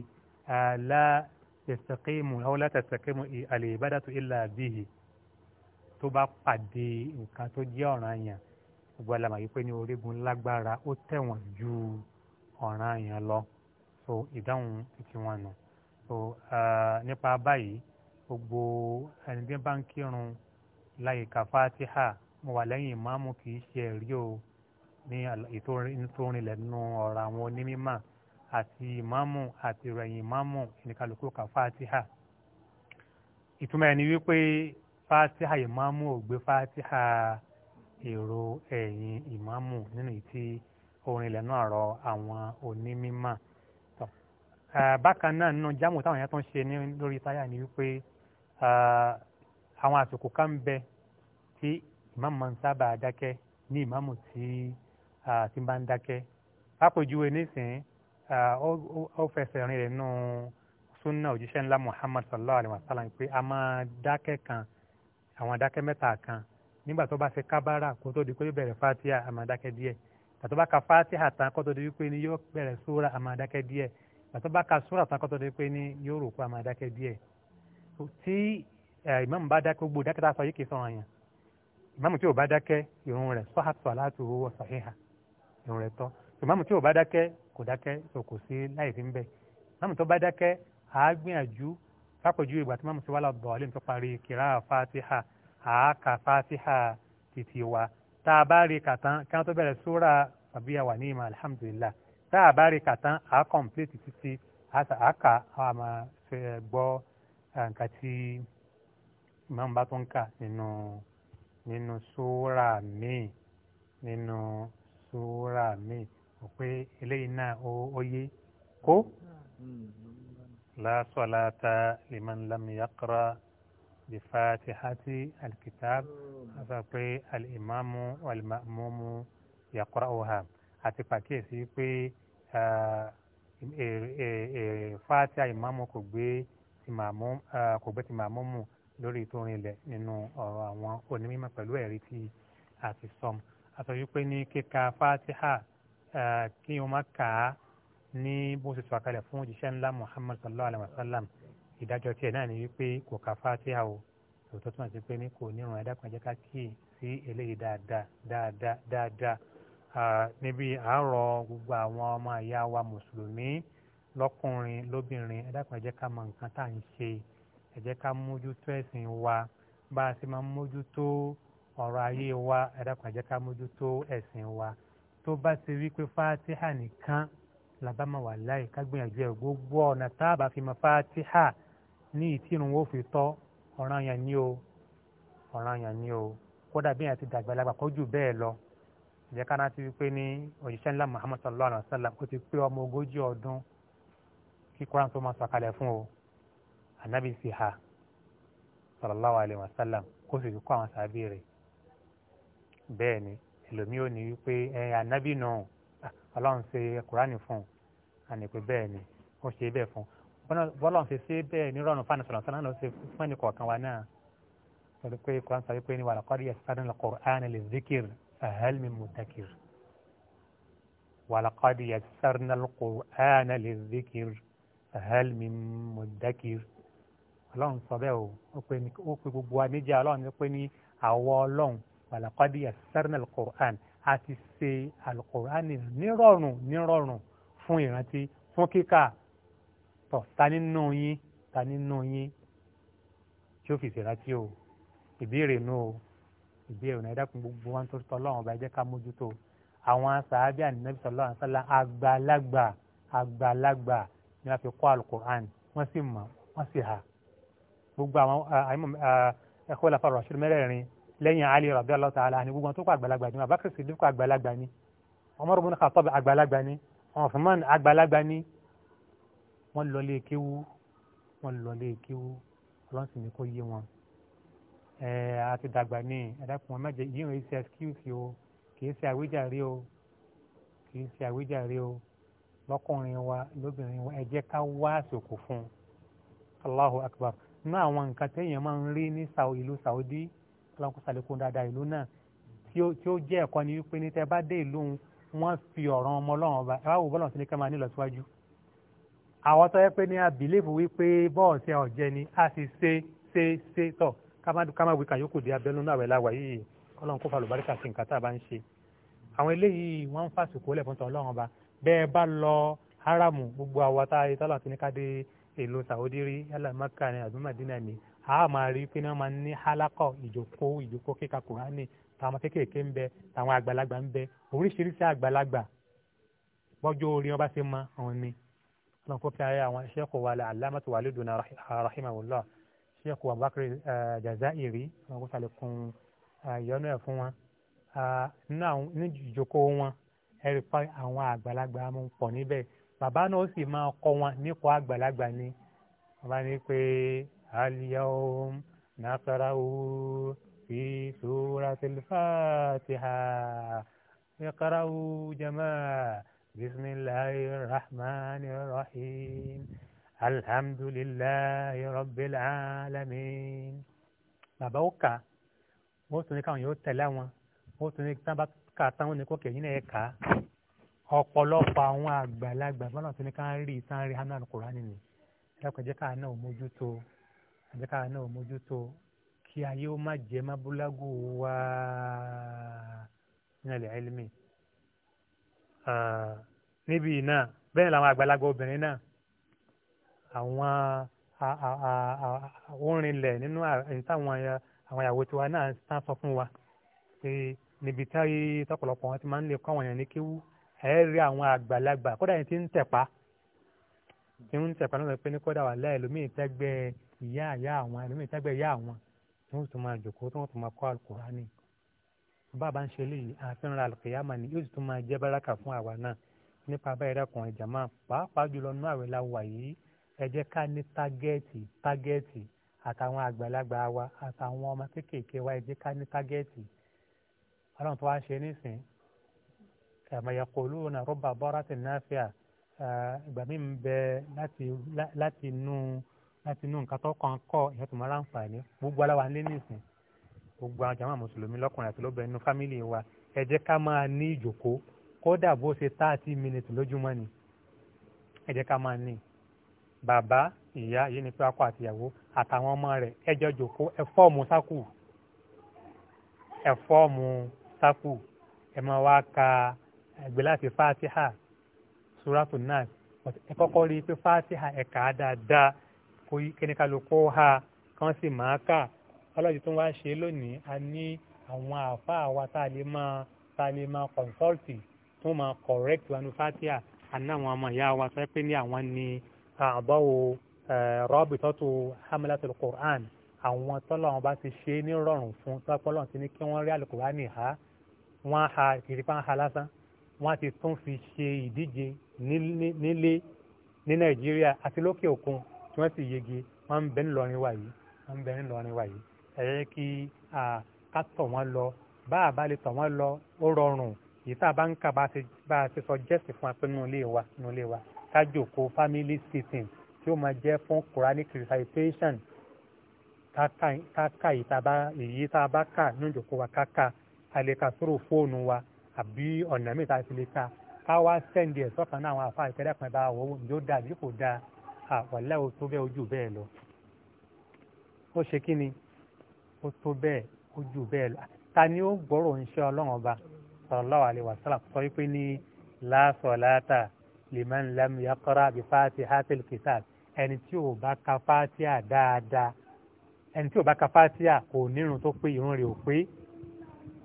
la yastaqimu aw la tastaqimu al-ibadatu illa bihi tó bá pàdé nǹkan tó jẹ́ ọ̀ranyàn gbọ́dọ̀ làmàyí pé ní orígun lágbára ó tẹ̀wọ̀n ju. ọ̀ràn yẹn lọ so ìdáhùn títí wọn nù so nípa báyìí gbogbo ẹni tí bá ń kírun láyé ka fatiha mo wà lẹ́yìn ìmáàmù kì í ṣe ẹ̀rí o ní ìtòrinlẹ̀ nínú ọ̀rọ̀ àwọn onímọ̀ àti ìmáàmù àti ìrẹ̀yìn ìmáàmù ìníkàlùkù ka fatiha ìtumọ̀ ẹni wípé fatiha ìmáàmù ò gbé èrò ẹ̀yìn ìmáàmù nínú ìtì. orin lẹ́nu àrọ àwọn onímímọ̀ tó bákan náà nínú jámù táwọn yẹn tó ń ṣe lórí táyà ni wípé àwọn àsìkò kan ń bẹ tí ìmáàmù máa ń sábà dákẹ́ ní ìmáàmù tí ti máa ń dákẹ́ lápòjúwe nísìnyí ó fẹsẹ̀ rìn rẹ̀ súnà òjíṣẹ́ ńlá Muhammad sallallahu alayhi wa sallam pé a máa dákẹ́ kan àwọn adákẹ́ mẹ́ta kan nígbà tó bá ṣe kábàárà kó tó di pé bẹ̀rẹ̀ fátíà a máa díẹ̀ tàtó bá ka fatiha tán kótó di wípé ni yóò bẹ̀rẹ̀ sóra àmàdákẹ́ díẹ̀ tàtó bá ka sóra tán kótó di wípé ni yóò rò kó àmàdákẹ́ díẹ̀ tí ìmáàmù bá dákẹ́ gbogbo dákẹ́ tá a sọ yìí kì í sọ̀rọ̀ yẹn ìmáàmù tí ò bá dákẹ́ ìrun rẹ̀ sọ́hà tó aláàtò owó sàhíhà ìrun rẹ̀ tọ́ ìmáàmù tí ò bá dákẹ́ kò dákẹ́ tó kò sí láì fi ń bẹ̀ ìmáàmù tó bá dákẹ́ àá gbìyànjú ìgbà tí ìmáàmù ti wá lọ bọ̀ ọ́lẹ́ni tó parí kìrá fatiha àá fatiha títí wa tá a bá rí kàtán kí wọ́n tó bẹ̀rẹ̀ sóra àbíyá wà ní ìmọ̀ alihamudulilayi tá a bá rí kàtán à á kọ̀m̀pléètì títí à kà á máa gbọ́ nǹkan tí ìmọ̀n bá tó ń kà nínú nínú sóra míì nínú sóra míì ò pé eléyìí náà ó yé kó. Hmm. la salata liman lam yaqra. بفاتحة الكتاب فقي الإمام والمأموم يقرأها أتفكي سيكي fatiha ìmáàmù kò gbé ti màmúmù lórí tó rinlẹ̀ nínú ọ̀rọ̀ àwọn onímọ̀ pẹ̀lú ẹ̀rí tí a ti sọ àtọ̀ wípé ní kíka fatiha kí wọ́n má kà á ní bó ṣe sọ̀kalẹ̀ fún òjíṣẹ́ ńlá muhammad sallallahu alayhi wa sallam ìdájọ́ tiẹ̀ náà ni wípé kò ka fátíà o tòótọ́ túmọ̀ sí pé ní kò nírun ẹ̀dá kan jẹ́ ká kíì sí eléyìí dáadáa dáadáa dáadáa níbi àárọ̀ gbogbo àwọn ọmọ ìyá wa mùsùlùmí lọ́kùnrin lóbìnrin ẹ̀dá kan jẹ́ ká mọ nǹkan tá à ń ṣe ẹ ká mójútó ẹ̀sìn wa bá a ṣe máa mójútó ọ̀rọ̀ ayé wa ẹ̀dá kan jẹ́ ká mójútó ẹ̀sìn wa tó bá ti wí pé fátíhà nìkan làbá máa wà láì ká gbìyànjú ẹ̀ gbogbo ọ̀nà tá a bá fi mọ fátíhà ní ìtìrun ó fi tọ́ ọ̀ràn yẹn ní o ọ̀ràn yẹn ní o kódà bí yẹn ti dàgbàlagbà kó jù bẹ́ẹ̀ lọ ìjẹ́ ká náà ti wípé ní òjíṣẹ́ ńlá Muhammad sallallahu alayhi wa sallam kó ti pé ọmọ ogójì ọdún kí Quran tó máa sọ̀kalẹ̀ fún o anabi sì ha sallallahu alayhi wa sallam kó sì kó àwọn sábẹ́ rẹ̀ bẹ́ẹ̀ ni ẹlòmíì ò ní wípé ẹ anabi náà ah, ọlọ́run ṣe Quran fún un àní bẹ́ẹ̀ ni ó ṣe bẹ́ẹ̀ fún un bọ́lọ̀ ṣe ṣe bẹ́ẹ̀ nírọ̀rùn fún ànàṣọ̀rọ̀ sọ́nà ló ṣe fún ẹnì kọ̀ọ̀kan wa náà torí pé kwan sọ wípé ní wàlá kọ́rí yasarun al-Qur'an lizikir fahal min muddakir wàlá kọ́rí yasarun al-Qur'an lizikir fahal min muddakir ọlọ́run sọ bẹ́ẹ̀ o ó pe gbogbo wa méjì ọlọ́run ló ní àwọ ọlọ́run wàlá kọ́rí yasarun al-Qur'an a ti ṣe al-Qur'an nírọ̀rùn nírọ̀rùn fún ìrántí fún tọ̀ ta nínú yín ta nínú yín tí ó fi ṣèrántí o ìbéèrè nù o ìbéèrè náà ẹ̀dákun gbogbo wa ń tó tọ́lọ́ ọ̀hún ọba ẹ̀jẹ̀ ká mójútó àwọn sàábíà nínú sọlọ́ àṣálà àgbàlagbà àgbàlagbà ni wọ́n fi kọ́ alukur'an wọ́n sì mọ̀ wọ́n sì hà gbogbo àwọn ẹ̀kọ́ ìlàfà rọ̀ṣẹ́ mẹ́rẹ̀ẹ̀rin lẹ́yìn Ali radiyallahu ta'ala ni gbogbo wọn tó kọ́ àgbàlagbà ni Abubakar Siddiq àgbàlagbà ni Umar ibn Khattab àgbàlagbà ni Uthman àgbàlagbà wọ́n lọlé kéwú wọ́n lọlé kéwú ọlọ́run sì ní kó yé wọn. ẹ àti dàgbà ní ẹ̀dàkùn wọn mẹ́jẹ yìí ń ṣe excuse o kìí ṣe àwíjàre o kìí ṣe àwíjàre o lọ́kùnrin wa lóbìnrin wa ẹ ká wá àsìkò fún un Allahu Akbar nínú àwọn nǹkan téèyàn máa ń rí ní ìlú Saudi ọlọ́run kó sàlékún dáadáa ìlú náà tí ó jẹ́ ẹ̀kọ́ ni wípé ní tẹ́ bá dé ìlú wọn fi ọ̀ràn ọmọ ọlọ́run ọba ẹ wá wò bọ́lọ̀ sí ní ká máa ní àwọn tó yẹ pé ní a bìlífù wípé bọ́ọ̀sì ọ̀jẹ́ ni a sì ṣe ṣe ṣe tọ̀ ká má wí kàyókù dé abẹ́nú náà láwà yìí ọlọ́run kó fa lùbáríkà sí nǹkan tá a bá ń ṣe. àwọn eléyìí wọ́n ń fàṣùkò lẹ́fún tán ọlọ́run ọba bẹ́ẹ̀ bá lọ haramu gbogbo àwọn tá a yẹ tọ́lá ti ní ká dé ìlú Saudi rí yálà Mẹ́kà ní àbí Madina a máa rí pé wọ́n máa ní halakọ̀ ìjòkó ìjòkó kíka Kùránì táwọn kéékèèké ń bẹ táwọn àgbàlagbà ń bẹ oríṣiríṣi àgbàlagbà bọ́jọ́ orin ọba ṣe mọ òun ni náà kó fi ayé àwọn sheikh wa al-allamah waliduna rahimahullah sheikh wa bakri eh, jazairi wọn kó sàlékún eh, ìyọnu ẹ̀ fún wọn ah, ní ìjókòó wọn ẹ̀rí pa àwọn àgbàlagbà mú pọ̀ níbẹ̀ bàbá náà sì máa kọ́ wọn nípa àgbàlagbà ni bàbá ní pé al-yawm naqra'u fi suratil Fatiha iqra'u jama'a. بسم الله الرحمن الرحيم الحمد لله رب العالمين bàbá ó kà ó tún ní káwọn yóò tẹ̀lé àwọn ó tún ní tán bá kà táwọn ní kókè yín náà ẹ̀ kà á ọ̀pọ̀lọpọ̀ àwọn àgbàlagbà bọ́lá tún ní ká rí tán rí hánà kúránì ni ẹ̀kọ́ jẹ́ káà náà mójútó jẹ́ káà náà mójútó kí ayé ó má jẹ́ má búlágù wá nílẹ̀ ẹ̀lmí níbí iná bẹ́ẹ̀ làwọn àgbàlagbà obìnrin náà àwọn orinlẹ̀ nínú ìtàwọn àwọn ìyàwó tiwa náà tán sọ fún wa pé níbi táyé tọ̀pọ̀lọpọ̀ wọn ti máa ń lè kọ́ àwọn èèyàn ní kéwú ẹ rí àwọn àgbàlagbà kódà yẹn ti ń tẹ̀pá ti ń tẹ̀pá lọ́sọ̀ pé ní kódà wà láì lómi ìtẹ́gbẹ́ ìyá ìyá àwọn lómi ìtẹ́gbẹ́ ìyá àwọn tí wọ́n tún máa jòkó tí wọ́n tún máa kọ́ àlùkùránì bàbá ń ṣe léyìí àfihàn àlùkìyàmà ni yóò tún máa jẹ́ báràkà fún àwa náà nípa bẹ́ẹ̀ dẹ́kun ẹ̀jẹ̀ máa pàápàá jùlọ nínú àwẹ̀ la wà yìí ẹ jẹ́ ká ní tágẹ́ẹ̀tì tágẹ́ẹ̀tì àtàwọn àgbàlagbà wa àtàwọn ọmọ kéékèèké wa ẹ jẹ́ ká ní tágẹ́ẹ̀tì ọlọ́run tó wá ṣe nísìn ẹ̀mọ̀yẹ̀kọ̀lù náà rọ́bà bọ́rátì náfíà ìgbà mi ń bẹ láti inú láti inú nǹkan tó kàn kọ́ ìyẹn tó máa láǹfààní gbogbo aláwa ń lé nísìn gbogbo àwọn jàmáà mùsùlùmí lọ́kùnrin àti lóbìnrin nínú fámìlì wa ẹ jẹ́ ká máa ní ìjòkó kódà bó ṣe thirty minutes lójúmọ́ ni ẹ jẹ́ ká máa ní bàbá ìyá yìí ni pé akọ àtìyàwó àtàwọn ọmọ rẹ̀ ẹ jọ jòkó ẹ fọ́ọ̀mù sákù ẹ fọ́ọ̀mù sákù ẹ máa wá ka ẹgbẹ́ láti fatiha suratu nas ẹ kọ́kọ́ rí i pé fatiha ẹ dáadáa kó kíníkàlùkù ha kán sì máa kà ọlọ́dún tó ń wá ṣe lónìí a ní àwọn àáfàá wa tá a lè máa tá a lè máa kọ̀ǹsọ́ọ̀tì wọ́n máa correct wanu fatia àná àwọn ọmọ ìyá wa sọ pé ní àwọn ni àbáwo rọ́ọ̀bì tọ́tù hamlatul Qur'an àwọn tọ́lọ̀ wọn bá ti ṣe ní rọrùn fún tọ́pọ́lọ́ ti ní kí wọ́n rí alukurani ha wọ́n ha kìrìpá ha lásán wọ́n ti tún fi ṣe ìdíje nílé ní Nàìjíríà àti lókè òkun tí wọ́n sì yege wọ́n ń bẹ ńlọrin wà wọ́n ń bẹ ńlọrin wà ẹ̀yẹ́ kí ká tọ̀ wọ́n lọ bá a bá lè tọ̀ wọ́n lọ ó rọrùn yìí tá a bá ń kà bá a ti sọ jẹ́sì fún wa pé nínú ilé wa nínú ilé wa ká jókòó family sitting tí ó máa jẹ́ fún Quranic recitation káka èyí tá a bá kà nínú ìjókòó wa káka àlèkà sórò fóònù wa àbí ọ̀nà mìíràn tá a fi lè ka ká wá sẹ́ndì ẹ̀ sọ́kàn náà àwọn àfa ìtẹ́lẹ̀pẹ́ bá wò ó ǹjọ́ dáa bí kò dáa àwọ̀lẹ́ o tó bẹ́ẹ̀ ojú bẹ́ẹ̀ lọ. ó ṣe kí ni ó tó bẹ́ẹ̀ ojú bẹ́ẹ̀ lọ ta ni ó gbọ́rọ̀ ń ṣe ọlọ́run ọba sallallahu alaihi wasallam sọ wípé ní la salata liman lam yaqra bi fatihatil kitab ẹni tí ò bá ka fatiha dáadáa ẹni tí ò bá ka fatiha kò nírun tó pé irun rẹ̀ ò pé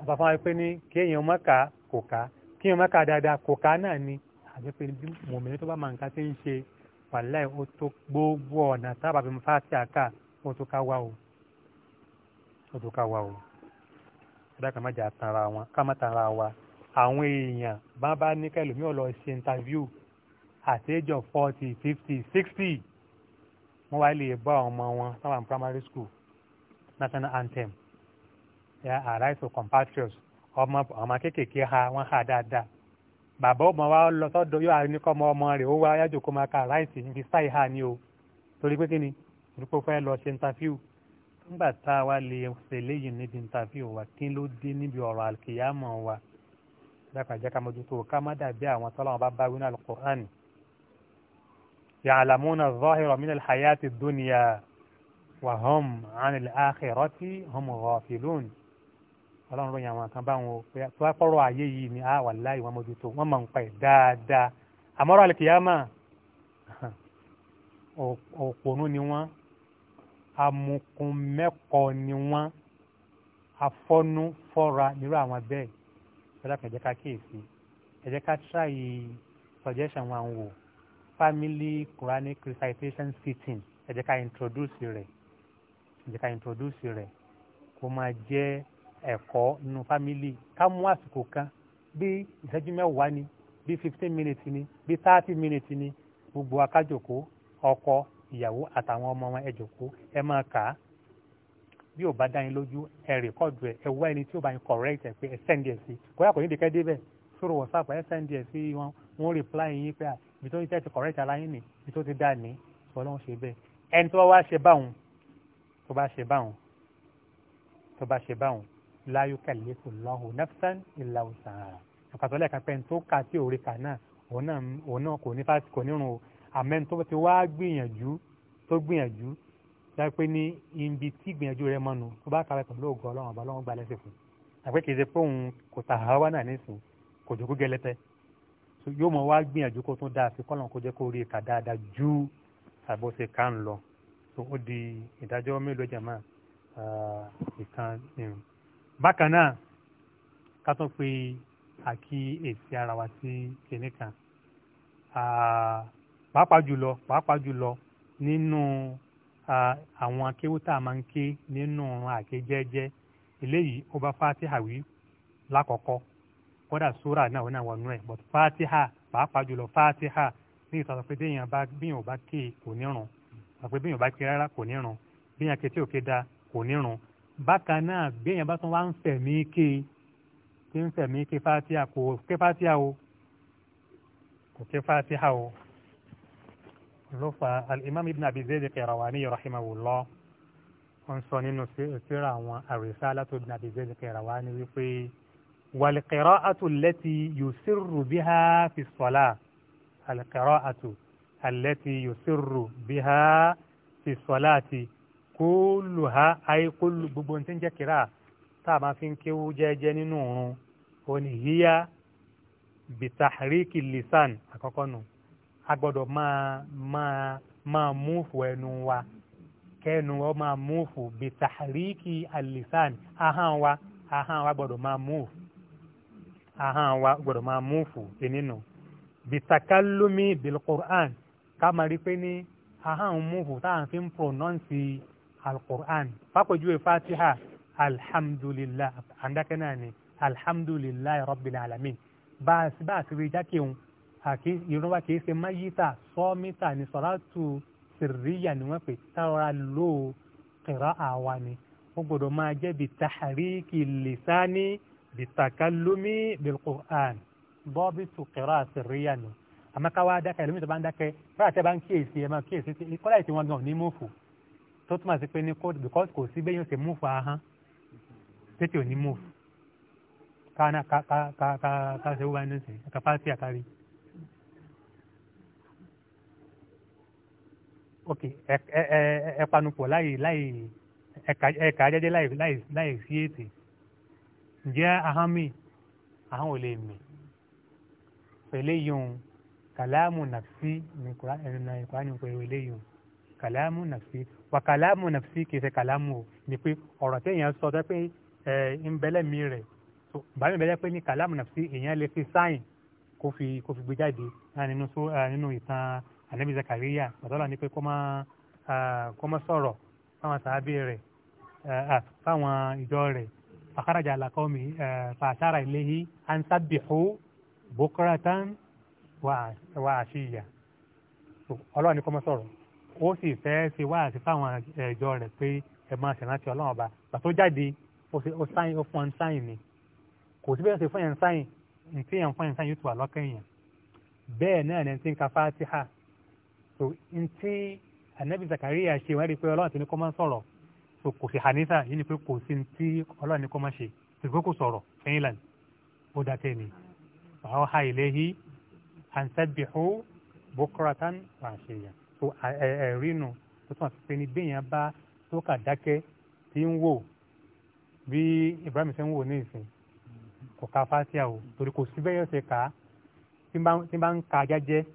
àbáfáwọn wípé ní kí èèyàn má ka kò ká kí èèyàn má dáadáa kò ká náà ni àbí pé bí mòmìnir tó bá máa nǹkan tí ń ṣe wàláì ó tó gbogbo ọ̀nà tábàbí fatiha ká ó tó ká wá o ó tó ká wá o ẹ̀dá kan má jà tanra wọn ká má tanra wa àwọn èèyàn bá bá ní kẹlòmí ò lọ ṣe interview at age of forty fifty sixty wọ́n wá lè bá ọmọ wọn sábà primary school national anthem ya arise to compatriots ọmọ ọmọ kéékèèké ha wọ́n ha dáadáa bàbá ọmọ wa lọ sọ́dọ̀ yóò àrí ní ọmọ ọmọ rẹ̀ ó wá yájò kó máa ka arise ní fi sáì ha ni o torí pé kí ni torí pé ó fẹ́ lọ ṣe interview ńgbà tá a wá lè ṣẹlẹ̀ yìí níbi ìtàfíò wa kí ló dé níbi ọ̀rọ̀ àlùkìyàmọ̀ wa dákàjẹ́ ká mójútó ká má dàbí àwọn tọ́lọ́wọ́n bá bá wínú alukur'an yàlámúnà zọ́hìrọ̀ mí alhayati dúnìyà wà hóm ànil àkìrọ́tì hóm rọ̀fìlún ọlọ́run ló yàn àwọn kan báwọn tó wá kọ́rọ̀ ayé yìí ni àwọn ah, aláì wọn mójútó wọn máa ń pẹ́ dáadáa àmọ́rọ̀ àlùkìyàmọ̀ òpònú ni wọ́n amukunmẹ́kọ ni wọ́n afọ́nú fọ́ra nírú àwọn bẹ́ẹ̀ ẹ̀dàkùn ẹ̀jẹ̀ ká kíyèsí ẹ̀jẹ̀ ká try suggestion wa wò family quranic recitation sitting ẹ̀jẹ̀ ká introduce rẹ̀ ẹ̀jẹ̀ ká introduce rẹ̀ kó máa jẹ́ ẹ̀kọ́ nínú family ká mú àsìkò kan bí ìṣẹ́jú mẹ́wàá ni bí fifteen minutes ni bí thirty minutes ni gbogbo akájòkó ọkọ ìyàwó àtàwọn ọmọ wọn ẹ jòkó ẹ máa kà á bí ò bá dá yín lójú ẹ rìkọ́dù ẹ ẹ wá ẹni tí ó bá yín correct ẹ pé ẹ send ẹ sí kóyà kò ní dikẹ́ débẹ̀ sórí whatsapp ẹ send ẹ sí wọn wọn reply yín pé ibi tó ń tẹ́ ti correct ara yín ni ibi tó ti dá ní sọ lọ́wọ́ ṣe bẹ́ẹ̀ ẹni tó wá ṣe báwọn tó bá ṣe báwọn tó bá ṣe báwọn láyò kẹlẹ́kù lọ́hùn nafsan ìlà òsàn àkàtọ́lẹ̀ kan pẹ́ ní tó kà sí òrìkà náà òun náà kò ní rùn o àmẹ́ni tó ti wá gbìyànjú tó gbìyànjú dáa pé ní ibi tí gbìyànjú rẹ mọ́nu tó bá kàwé pẹ̀lú ògùn ọlọ́run ọba ọlọ́run gbalẹ̀ sí fún àpé kìí ṣe pé òun kò tà á wá náà nísìn kò jókòó gẹlẹtẹ yóò mọ wá gbìyànjú kó tún dáa sí kọ́lọ́n kó jẹ́ kó rí ìka dáadáa ju àbọ̀sẹ̀ ká ń lọ tó ó di ìdájọ́ mélòó jàmá ìkan nìyẹn. bákan náà ká tún pe àkíyèsí ara wa sí kìnìkan pàápàá jùlọ pàápàá jùlọ nínú àwọn akéwò tá a máa ń ké nínú àkéjẹ́jẹ́ eléyìí ó bá fatiha wí lákọ̀ọ́kọ́ kódà súrà náà ó náà wọnú ẹ̀ but fatiha pàápàá jùlọ fatiha ní ìtàn pé béèyàn bá béèyàn bá ké kò nírun àpé béèyàn bá ké rárá kò nírun béèyàn ké tí ò ké da kò nírun bákan náà béèyàn bá tún wá ń fẹ̀mí ké tí ń fẹ̀mí ké fatiha kò ké fatiha o kò ké fatiha o. نو فالامام ابن ابي زيد القيرواني رحمه الله ان سن ان سير عن الرساله ابن ابي زيد القيرواني في والقراءة التي يسر بها في الصلاة القراءة التي يسر بها في الصلاة كلها أي كل ببن تنجا كراء تابا فين كيو جاجاني نون هي بتحريك اللسان أكاكونو a gbọ́dọ̀ máa máa máa múfù ẹnu wa kẹ́nu wa máa múfù bìtàríkì àlìsàn ahọ́n wa ahọ́n wa gbọ́dọ̀ máa múfù ahọ́n wa gbọ́dọ̀ máa múfù nínú bitakalumi bìlùkùrán ká máa rí pé ní ahọ́n múfù táwọn fi ń pronọ́ǹsì alqur'an fàkójúwe fatiha alhamdulillah àǹdákẹ́ náà ni alhamdulillah rabbil alamin bá a sì rí jákèun ìrún wa kìí ṣe máyítà sọ́mítà ní sọ́ràtù sirriya ni wọ́n pè tárọ́ra ló kẹ̀rọ àwa ni ó gbọ́dọ̀ máa jẹ́ bi tahriki lisani bi takallumi bil Qur'an bọ́ọ̀bì tù kẹ̀rọ sirriya ni àmọ́ ká wá dákẹ́ ẹlòmíì tó bá ń dákẹ́ fúnra tẹ́ bá ń kíyèsí ẹ̀ máa kíyèsí kọ́lá ìtì wọn gan ní múfù tó túmọ̀ sí pé ní kó because kò sí bẹ́yìn ṣe múfù ahán tètè ò ní múfù ká ká ká ká ká ṣe wúwa ní sè ká pàṣẹ àkárí. ok ẹ ẹ ẹ panupọ̀ láì láì ẹ̀ka jẹ́jẹ́ láì láì láì sí ètè ǹjẹ́ ahọ́n mi ahọ́n ò lè mì pẹ̀lẹ́ yòun kàlámù nàfsí ní kùránì pẹ̀lú eléyìí kàlámù nàfsí wà kàlámù nàfsí kìí ṣe kàlámù o ni pé ọ̀rọ̀ téèyàn sọ tó pé ẹ ńbẹ́lẹ́mí rẹ̀ bàbá mi bẹ́ẹ̀ pé ní kàlámù nàfsí èèyàn lè fi sáìn kó fi kó fi gbé jáde nínú ìtàn anabi zakariya pàtọ́lá ní pé kó má sọ̀rọ̀ fáwọn sàábì rẹ̀ fáwọn ìjọ rẹ̀ fàkàràjà àlàkọ́mi fàṣàrà ìléyìí ansábìhù bukratan wà àṣìyà ọlọ́run ní kó má sọ̀rọ̀ ó sì fẹ́ ṣe wá àti fáwọn ìjọ rẹ̀ pé ẹ máa ṣèrántí ọlọ́run ọba pàtó jáde ó sáyìn ó fún ọ ní sáyìn ni kò sí bẹ́ẹ̀ ṣe fún ẹ̀ ń sáyìn ntí ẹ̀ ń fún ẹ̀ ń sáyìn yóò tù wà lọ́kàn èèyàn bẹ́ẹ̀ náà ni ẹ̀ ti ń ka fátíhà so ntí anabi Zakariya ṣe wọ́n rí i pé ọlọ́run ti ní kó máa sọ̀rọ̀ so kò sí hanifa yìí ni pé kò sí ntí ọlọ́run ní kó máa ṣe tìgbó kò sọ̀rọ̀ finland ó dákẹ́ ni wàá ha ìléhi ansabihu bukratan wà á ṣe yàn so ẹ̀rí nu tó tún àti pé ní béèyàn bá tó dákẹ́ tí ń wò bí Ibrahim ṣe ń wò ní ìsìn kò ka fatia o torí kò sí bẹ́ẹ̀ yọ̀ ṣe kà á tí bá ń ka jẹ́jẹ́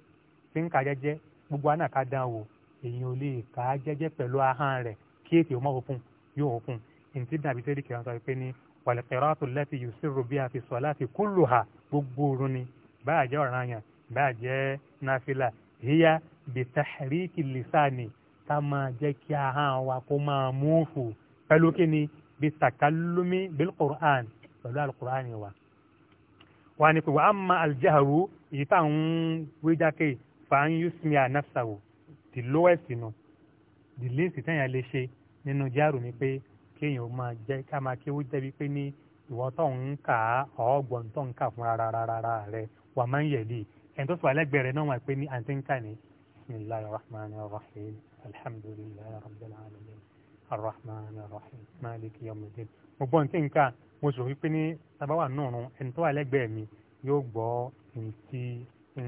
tí ń ka jẹ́jẹ́ gbogbo àná ká dán wò èyàn ò lè kà á jẹ́jẹ́ pẹ̀lú ahọ́n rẹ̀ kí ètè ọmọ òfun yóò òfun ìǹtí dàbí tẹ́lẹ̀ kìlọ̀ sọ pé ní wàlẹ̀kẹ̀rọ̀tù lẹ́tì yusiru bí a fi sọ láti kúlù ha gbogbo orun ni báà jẹ́ ọ̀ràn yẹn báà jẹ́ náfìlà híyá bìtàríkì lìsáàni ká máa jẹ́ kí ahọ́n wa kó máa múfù pẹ̀lú kí ni bìtàkálùmí bìlkùrán pẹ̀lú alukùrán wa. wà á pé wà ma aljaharu èyí táwọn wíjákè fàáyín yusmi anafsawo the lowest nù the least tẹ̀yàn lè ṣe nínú jáàrù ni pé kéèyàn máa jẹ́ ká máa kéwú jẹ́bi pé ní ìwọ tó ń kà á ọ̀ọ́gbọ̀n tó ń kà fún rárá rẹ wà máa ń yẹ̀lì ẹni tó sọ alẹ́gbẹ̀ẹ́ náà wà pé ní àǹtí ń kà ní bisimilahi rahman rahim alhamdulilayi rabbil alamin arrahman rahim maliki yomidin mo gbọ́ nǹkan nǹkan mo sọ wípé ní sábà wà nùrùn ẹni tó wà lẹ́gbẹ̀ẹ́ mi yóò gbọ́ nǹkan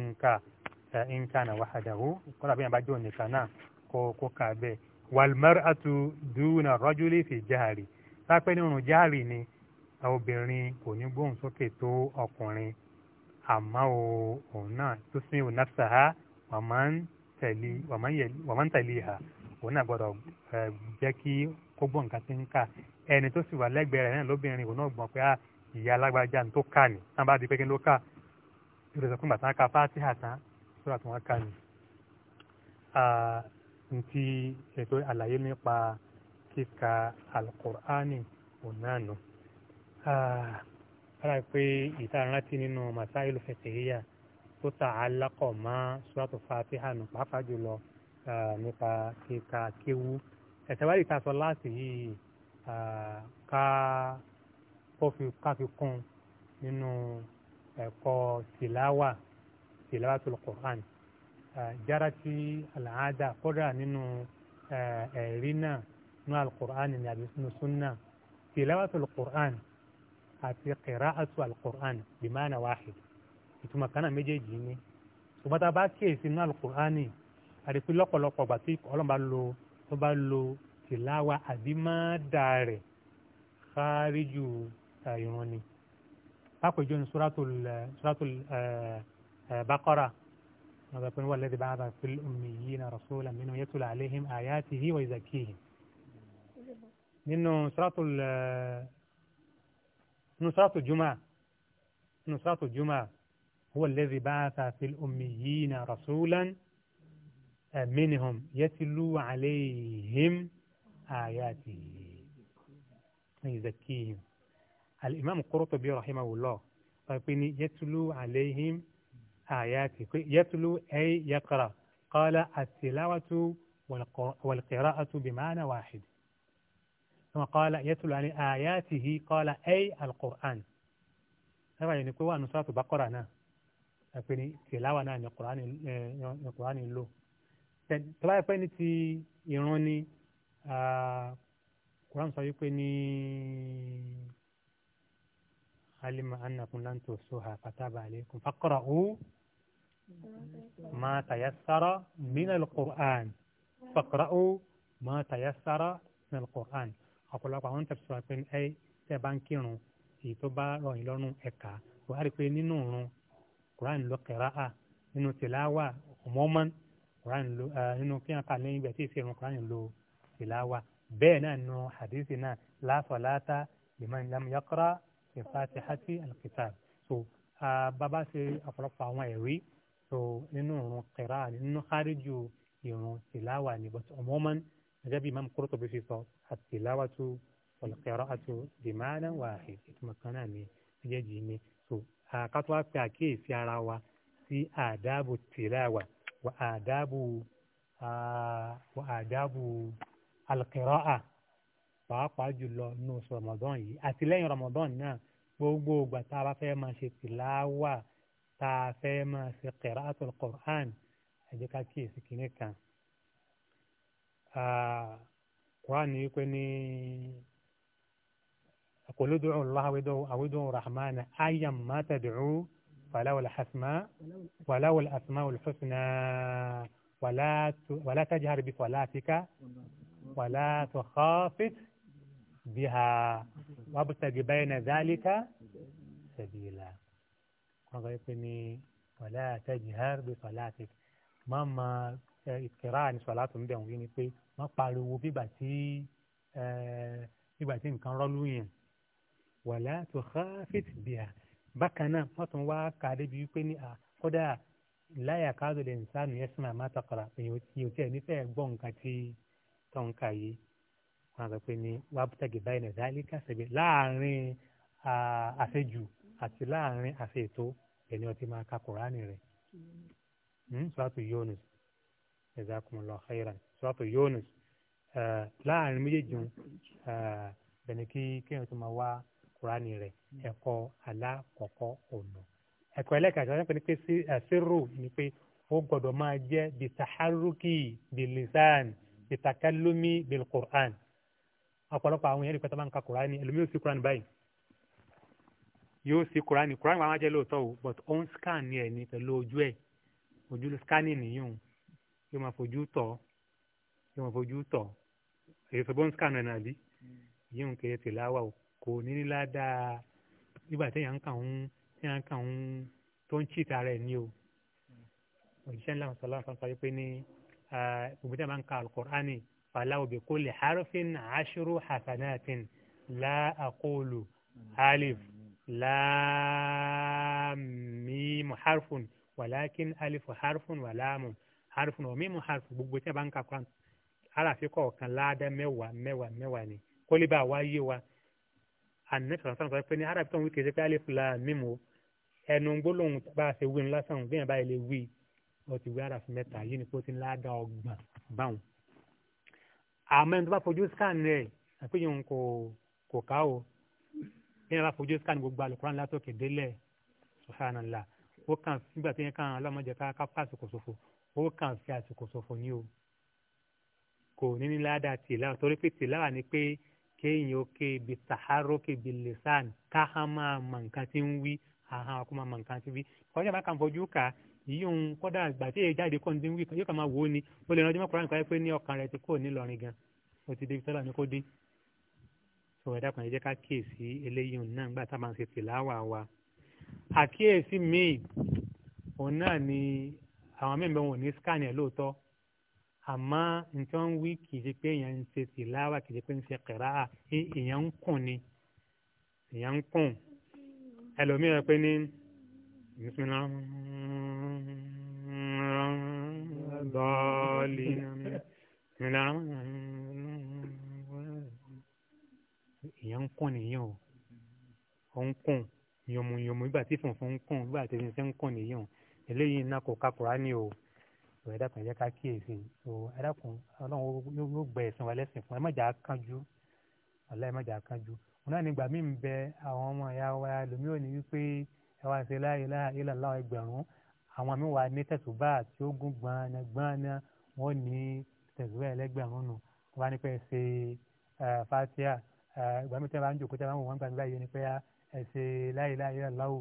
nǹkan nǹkan wàhádàwó kọ́lá bí wọn bá jọ nìkan náà kó kà bẹ́ẹ̀ wàlmáràtú dùnà rọ́júlì fi jáàrì lápẹ́ nínú jáàrì ni obìnrin kò ní gbóhùn sókè tó ọkùnrin àmọ́ òun náà tó sin òun náà sàá wàmọ́ ń tẹ̀lé ha òun náà gbọ́dọ̀ jẹ́ kí kó gbọ́ nǹkan tí ń kà ẹni tó sì wà lẹ́gbẹ̀ẹ́ rẹ̀ náà lóbìnrin òun náà gbọ́n pé ìyá alágbájá tó kà ní táwọn bá di pé kí ló kà ìrẹsẹ̀ fún bàtà ká fáátì àtàn sura tí wọ́n kà ní. nti ètò àlàyé nípa kíka alukur'ani onáànù. ara pé ìtàrántí nínú masáìlú fẹ̀kẹ̀yà tó ta alákọ̀ mọ́ suratu fatiha nù pàápàá jùlọ nípa kíka kéwú. ẹ̀sẹ̀ wáyé ìta sọ láti yìí ká kó fi kún nínú ẹ̀kọ́ tìláwà tilawatul Qur'an ah, jarati al'ada kódà nínú eh, ẹ̀rí náà nínú al-Qur'an ní àbí nínú sunna tilawatul Qur'an àti qira'atu al-Qur'an bi ma'na wahid ìtumọ̀ kan náà méjèèjì ni ṣùgbọ́n tá a bá kíyèsí nínú al-Qur'an àdìpé lọ́pọ̀lọpọ̀ gbà lo tó bá lo tìláwa àbí rẹ̀ kárí ju eh, ìrun ni. pápẹ́jọ́ ni suratul eh, suratul. بقرة ماذا هو الذي بعث في الأميين رسولا منهم يتلو عليهم آياته ويزكيهم منه صلاة من الجمعة نصرة صلاة الجمعة هو الذي بعث في الأميين رسولا آه، منهم يتلو عليهم آياته ويزكيهم الإمام القرطبي رحمه الله طيب يتلو عليهم آياتي يتلو أي يقرأ قال التلاوة والقراءة بمعنى واحد ثم قال يتلو عن آياته قال أي القرآن هذا يعني كوا نصرة بقرة نا أكني تلاوة نا القرآن القرآن اللو تلاوة فين تي يروني القرآن صحيح فيني alima annakum lan tusuha fataba alaykum faqra'u ma tayassara min alquran faqra'u ma tayassara min alquran ọ̀pọ̀lọpọ̀ àwọn tẹ̀síwá pé ẹ tẹ́ bá ń kírun èyí tó bá rọ̀ yín lọ́rùn ẹ̀ka wọ́n á rí i pé nínú òrun quran ló kẹ̀ra à nínú tìláwà ọ̀mọ́mọ́n quran ló nínú kí wọ́n kà lẹ́yìn ibẹ̀ tí ì fi irun quran ló tìláwà bẹ́ẹ̀ náà nínú hadisi náà la salata liman lam yaqra' bi fatihati al so bàbá ṣe ọ̀pọ̀lọpọ̀ àwọn ẹ̀rí so nínú ìrun kẹrà nínú kárìjù ìrun tìláwà ni but umuman gẹ́gẹ́ bí imam Qurtubi fi sọ at-tilawatu wal-qira'atu bima'na wahid ìtumọ̀ kan náà ni méjèèjì ni so àkàtọ́ wa fi àkíyèsí ara wa sí àdábù tìláwà wà àdábù wà àdábù al pàápàá jùlọ nù rọmọdán yìí àti lẹ́yìn rọmọdán náà gbogbo ìgbà tá a bá fẹ́ máa ṣe tìláwà tá a fẹ́ máa ṣe qira'atul Qur'an ẹ jẹ́ ká kíyèsí kínní kan. Ah, Qur'an yìí pé ní qul ud'u Allah aw ud'u Rahman ayyan ma tad'u falahu asma walahu al-asma'u al-husna wala tajhar bi salatika wala بها وابتغ بين ذلك سبيلا وغيثني ولا تجهر بصلاتك ماما ìkẹ́rà ní sọ̀lá tó ń bẹ̀ wọ́n ní pé wọ́n pariwo bígbà tí bígbà tí nǹkan rọ́ lóyìn wala tukhafit biha bákan náà wọ́n tún wá ka débi wípé ní à kódà la yakadu linsanu yasma ma taqra èyí ò tiẹ̀ nífẹ̀ẹ́ gbọ́ nǹkan tí tọ́ǹkà yìí wọn sọ pé ní wàá bùtàgì báyìí náà dáríkà sẹbi láàrin àṣejù àti láàrin àṣeètò ẹni ọtí máa ka kùránì rẹ mm. hmm, sọ́tù yónus jazakumullahu khairan sọ́tù yónus láàrin méjèèjì bẹ̀ni kí kéèyàn tó máa wá kùránì rẹ mm. ẹ̀kọ́ alákọ̀ọ́kọ́ ọ̀nà ẹ̀kọ́ ẹlẹ́kàtà wọn pè ní pé sírù ni pé ó gbọ́dọ̀ máa jẹ́ bitaharuki bilisan bitakalumi bilquran ọ̀pọ̀lọpọ̀ àwọn yẹn rí pẹ́tọ́ máa ń ka kùránì ẹlòmíràn sí kùránì báyìí yóò sí kùránì kùránì wàá jẹ́ lóòótọ́ o but ó ń scan ẹ̀ ní pẹ̀lú ojú ẹ̀ ojú scanning nìyún yóò máa fojú tọ̀ yóò máa fojú tọ̀ èyí sọ bó ń scan ẹ̀ nàbí yíyún kéré tìláwà o kò ní ní ládàá nígbà téèyàn kàn ń téèyàn kàn ń tó ń chìtà rẹ̀ ní o òjíṣẹ́ ńlá sọ̀rọ̀ àfọ̀nsọ̀ yìí pé ní فله بكل حرف عشر حسنات لا أقول ألف لام ميم حرف ولكن ألف حرف ولام حرف وميم حرف gbogbo tí a bá ń ka kan aláàfin kọ̀ọ̀kan láàdá mẹ́wàá mẹ́wàá mẹ́wàá ni kó lè bá a wáyé wa ànẹ́sọ̀rọ̀ sọ̀rọ̀ sọ pé ní arábìtàn wí kèsì pé alif laa mim ẹnu gbólóhùn bá a ṣe wí ńlá sàn bí báyìí lè wí ọtí wí aráàfin mẹ́ta yìí ni kó ti ń láàdá ọgbọ̀n báwọn àmọ́ ẹni tó bá fojú scan rẹ̀ àpéyìn kò kò ká o ẹni tó bá fojú scan gbogbo alukuran látòkè délẹ̀ subhanallah ó kàn nígbà tí yẹn kàn ọlọ́mọdé ká ká àsìkò ṣòfò ó kàn fi àsìkò ṣòfò ní o kò ní ní ládàá tìláwà torí pé tìláwà ni pé kéèyàn ó ké bi tàhárò ké bi lẹ́sàn káhán máa nǹkan tí ń wí àhán ọkọ máa nǹkan tí ń wí kọjá yíyún kọ́dà àgbà tí èyí jáde kọ́ni dín wíkan yóò kà máa wò ó ni ó lè ránjú mọ́ kúránì kan pé ní ọkàn rẹ̀ ti kúrò nílọrin gan ó ti débi tọ́lá ní kó dé sọ ẹ̀dá kan jẹ́ ká kíyèsí eléyìí náà nígbà tá a máa ń ṣe tìláwà wa àkíyèsí míì òun náà ni àwọn mẹ́mbẹ́ wọn ò ní scan ẹ̀ lóòótọ́ àmọ́ nǹkan ń wí kì í ṣe pé èèyàn ń ṣe tìláwà kì í ṣe pé ń ṣe kẹ̀rá èèyàn ń kùn الضالين من ìyẹn ń kún nìyẹn o ó ń kún yòmùyòmù ìgbà tí funfun ń kún ìgbà tí ṣe ń kún nìyẹn o eléyìí náà kò ka Kùránì o ìwà ẹ̀dàkùn ẹ̀jẹ̀ ká kíyèsí o ẹ̀dàkùn ọlọ́run yóò gbẹ ẹ̀sìn wa lẹ́sìn fún ẹ má jà á kánjú ọ̀la ẹ má jà á kánjú òun náà nígbà míì ń bẹ àwọn ọmọ ìyá wa lómi ò ní wípé ẹ wá ṣe la ilaha illallah ẹgbẹ̀rún àwọn mi wà ní tẹ̀sùbá tí ó gún gbọ́nà gbọ́nà wọ́n ní tẹ̀sùbá ẹlẹ́gbẹ̀rún nù tó bá ní pẹ́ ṣe fatia ìgbà mi tẹ́ bá ń jòkó tẹ́ bá ń wò wọ́n gbà mí báyìí ní pẹ́ ẹ ṣe la ilaha illallah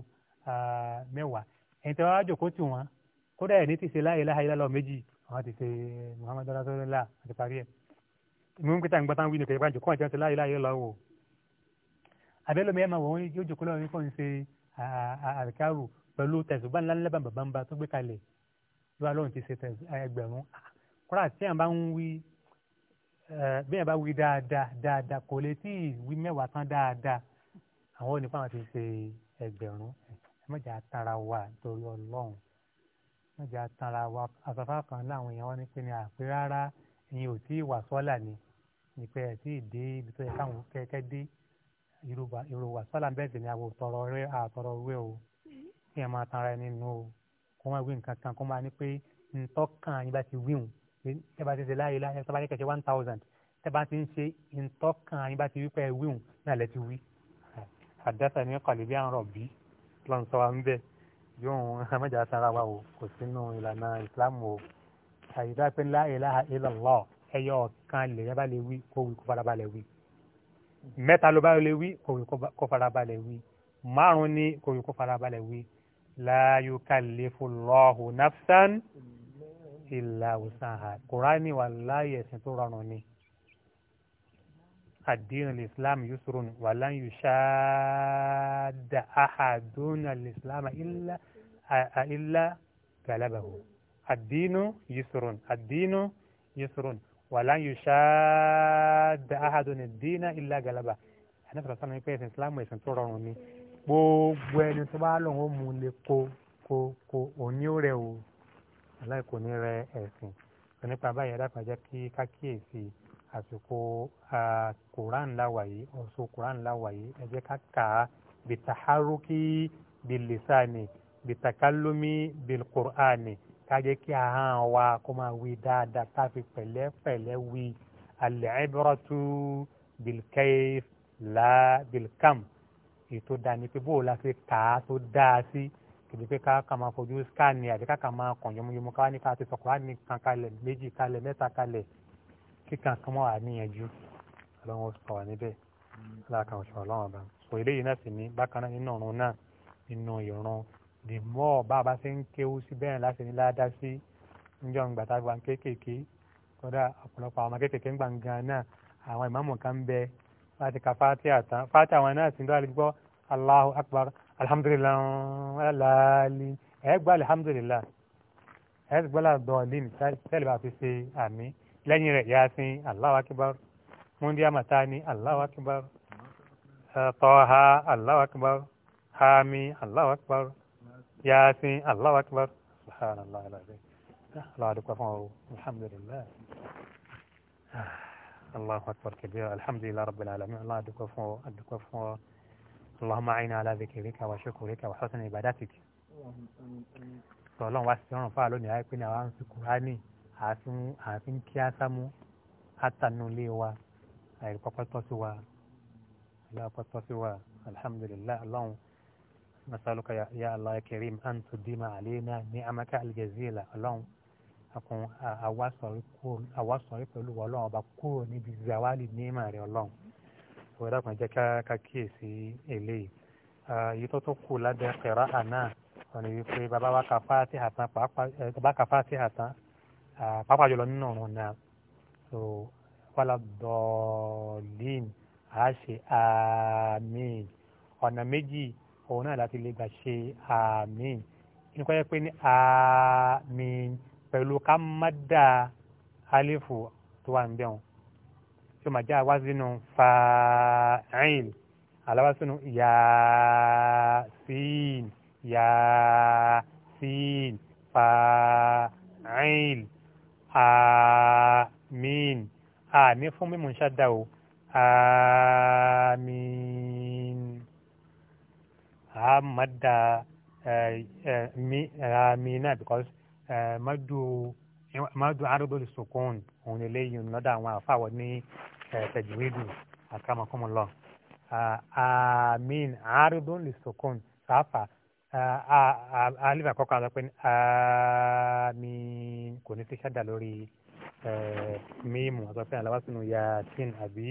mẹ́wàá ẹ̀yin tẹ́ bá wá jòkó tì wọ́n kódà ẹ̀ ní ti ṣe la ilaha illallah méjì àwọn ti ṣe muhammadu rasulullah àti parí ẹ̀ ìmú nkúta ń gbọ́tà ń wí ní kẹ̀kẹ́ jòkó àti la ilaha illallah wò abẹ́lómi ẹ̀ máa wọ̀ wọ́n yóò jòkó lọ́wọ́ pẹ̀lú tẹ̀sùbá ńláńlá bàbá ńbá tó gbé kalẹ̀ ló wà lóhùn ti ṣe ẹgbẹ̀rún kọ́ra tí yàn bá ń wí bí yàn bá wí dáadáa dáadáa kò lè tí ì wí mẹ́wàá tán dáadáa àwọn onípa àwọn ti ṣe ẹgbẹ̀rún ẹ mọ̀jà wa torí ọlọ́run mọ̀jà tara wa àfàfà kan láwọn èèyàn wọn ní pé ní àpé rárá ẹ̀yin ò tí ì wà sọ́là ni ní pé ẹ̀ tí ì dé ibi tó yẹ káwọn kẹ́kẹ́ dé irú wà sọ́là bẹ́ẹ̀ sì ni àwọn tọrọ rẹ àtọrọ rẹ o kí ẹ máa tanra ẹni nù o kó máa wí nǹkan kan kó máa ní pé ntọ́kàn yín bá ti wíwùn tẹ́ bá ti ṣe láàyè láàyè tẹ́ kẹ̀kẹ́ one thousand tẹ́ bá ti ń ṣe ntọ́kàn yín bá ti wí pé wíwùn náà lẹ́ ti wí. àdásà ni kọ̀lì bí àrùn rọ̀bì lọ́n sọ wa ń bẹ̀ yóò ń mẹ́jà sanra wa o kò sínú ìlànà ìsìlámù o àyíká pé la ilaha illallah ẹyọ kan lè yẹ bá lè wí kó wí kó farabalẹ̀ wí mẹ́ta ló bá lè wí kó wí kó farabalẹ̀ wí márùn-ún ni kó wí kó farabalẹ̀ wí la yukallifu Allahu nafsan illa wusaha kùránì wallahi ẹ̀sìn tó rọrùn ni ad-din al-islam yusrun wa lan yushadda ahadun al-islam illa illa galabahu ad-dinu yusrun ad-dinu yusrun wa lan yushadda ahadun ad-dina illa galabahu ànábì sallallahu alaihi wasallam islam ẹ̀sìn tó rọrùn ni gbogbo ẹni tó bá lòun ó mú un lè kó kó kó òní ó rẹ o aláì kò ní rẹ ẹ̀sìn tó nípa báyìí adápàjẹ́ kí kákíyèsí àsìkò kuran láwà yìí ọ̀sùn kuran láwà yìí ẹ jẹ́ ká kà á bìtàhárókì bìlìsàní kí ahọ́n wa kó máa wí dáadáa ká fi wí al-ibratu bilkayf la bilkam ètò dáa ni pé bó o la fi tà á tó dáa sí kìdí pé ká kà máa fojú skáàni àti ká kà máa kàn yọmọyọmọ ká wá ní ká ti sọkọ wá ní kan kalẹ̀ méjì kalẹ̀ mẹ́ta kalẹ̀ kíkan kan mọ́ àníyànjú ọlọ́run sọ wà níbẹ̀ láàkàn ọ̀ṣọ́ ọlọ́run ọba sọ eléyìí náà sì ní bákan náà nínú ọ̀run náà nínú ìran the more bá ṣe ń kéwú sí bẹ́ẹ̀ láti ní ládá sí níjọ́ gbàtà gbà kéékèèké kódà ọ̀pọ̀lọpọ̀ àwọn kéékèèké ń gbàngàn náà àwọn ìmáàmù kan bẹ láti ka fatiha tán fatiha wọn náà sì ń dọ́ọ̀lì gbọ́ Allahu akbar alhamdulilayi laali ẹ gbọ́ alhamdulilayi ẹ gbọ́ làdọ́ọ̀lì sẹ́lẹ̀ bá fi ṣe àmì lẹ́yìn rẹ̀ yasin Allahu akbar múndíá màtáni Allahu akbar tọ́ha Allahu akbar hami Allahu akbar yasin Allahu akbar subhanallah alazim. Allah adúpẹ́ fún ọ alhamdulilayi. الله أكبر كبير الحمد لله رب العالمين الله أدك وفو أدك وفو اللهم أعنا على ذكرك وشكرك وحسن عبادتك sọlọ́n wá sí ọ̀run fáà lónìí àìpé ní àwọn àǹsí kùránì ààfin kí á sámú àtànulé wa àìrìpọ́pọ́tọ́ sí wa aláàpọ́tọ́ sí wa alhamdulillah ọlọ́run nasaluka ya allah karim an tudima alena ni amaka aljazila ọlọ́run akun àwásọ̀rí pẹ̀lú ọlọ́run ọba kúrò níbi zawali níma rẹ̀ ọlọ́run ìwé dàpọ̀ jẹ́ ká kíyèsí eléyìí èyí tó tó kù lábẹ́ pẹ̀rọ àná ọ̀nà wípé bàbá wa ka fáti àtàn pàápàá jùlọ nínú ọ̀run náà so wàlá dọ̀ọ̀lìn a ṣe àmín ọ̀nà méjì òun náà láti lè gbà ṣe àmín nípa yẹ pé ní àmín pẹ̀lú ká má dá alifu tó wà ń bẹ̀wọ̀n tí ó máa jẹ́ àwázínú fa'il aláwázínú yasin yasin fa'il amin àmì fún mímú ń ṣáda o amin a máa dá amina because. Eh, madu arúgbóni sukun òun eléyìí lọ́dọ̀ àwọn àfàwọ̀ ní eh, tajwidu akramakumullah amin ah, arúgbóni ah, a a alif àkọ́kọ́ àti pẹ́ni amin kò ní ti ṣẹ́dá lórí eh, mímu àti pẹ́ni aláwásínú yasin àbí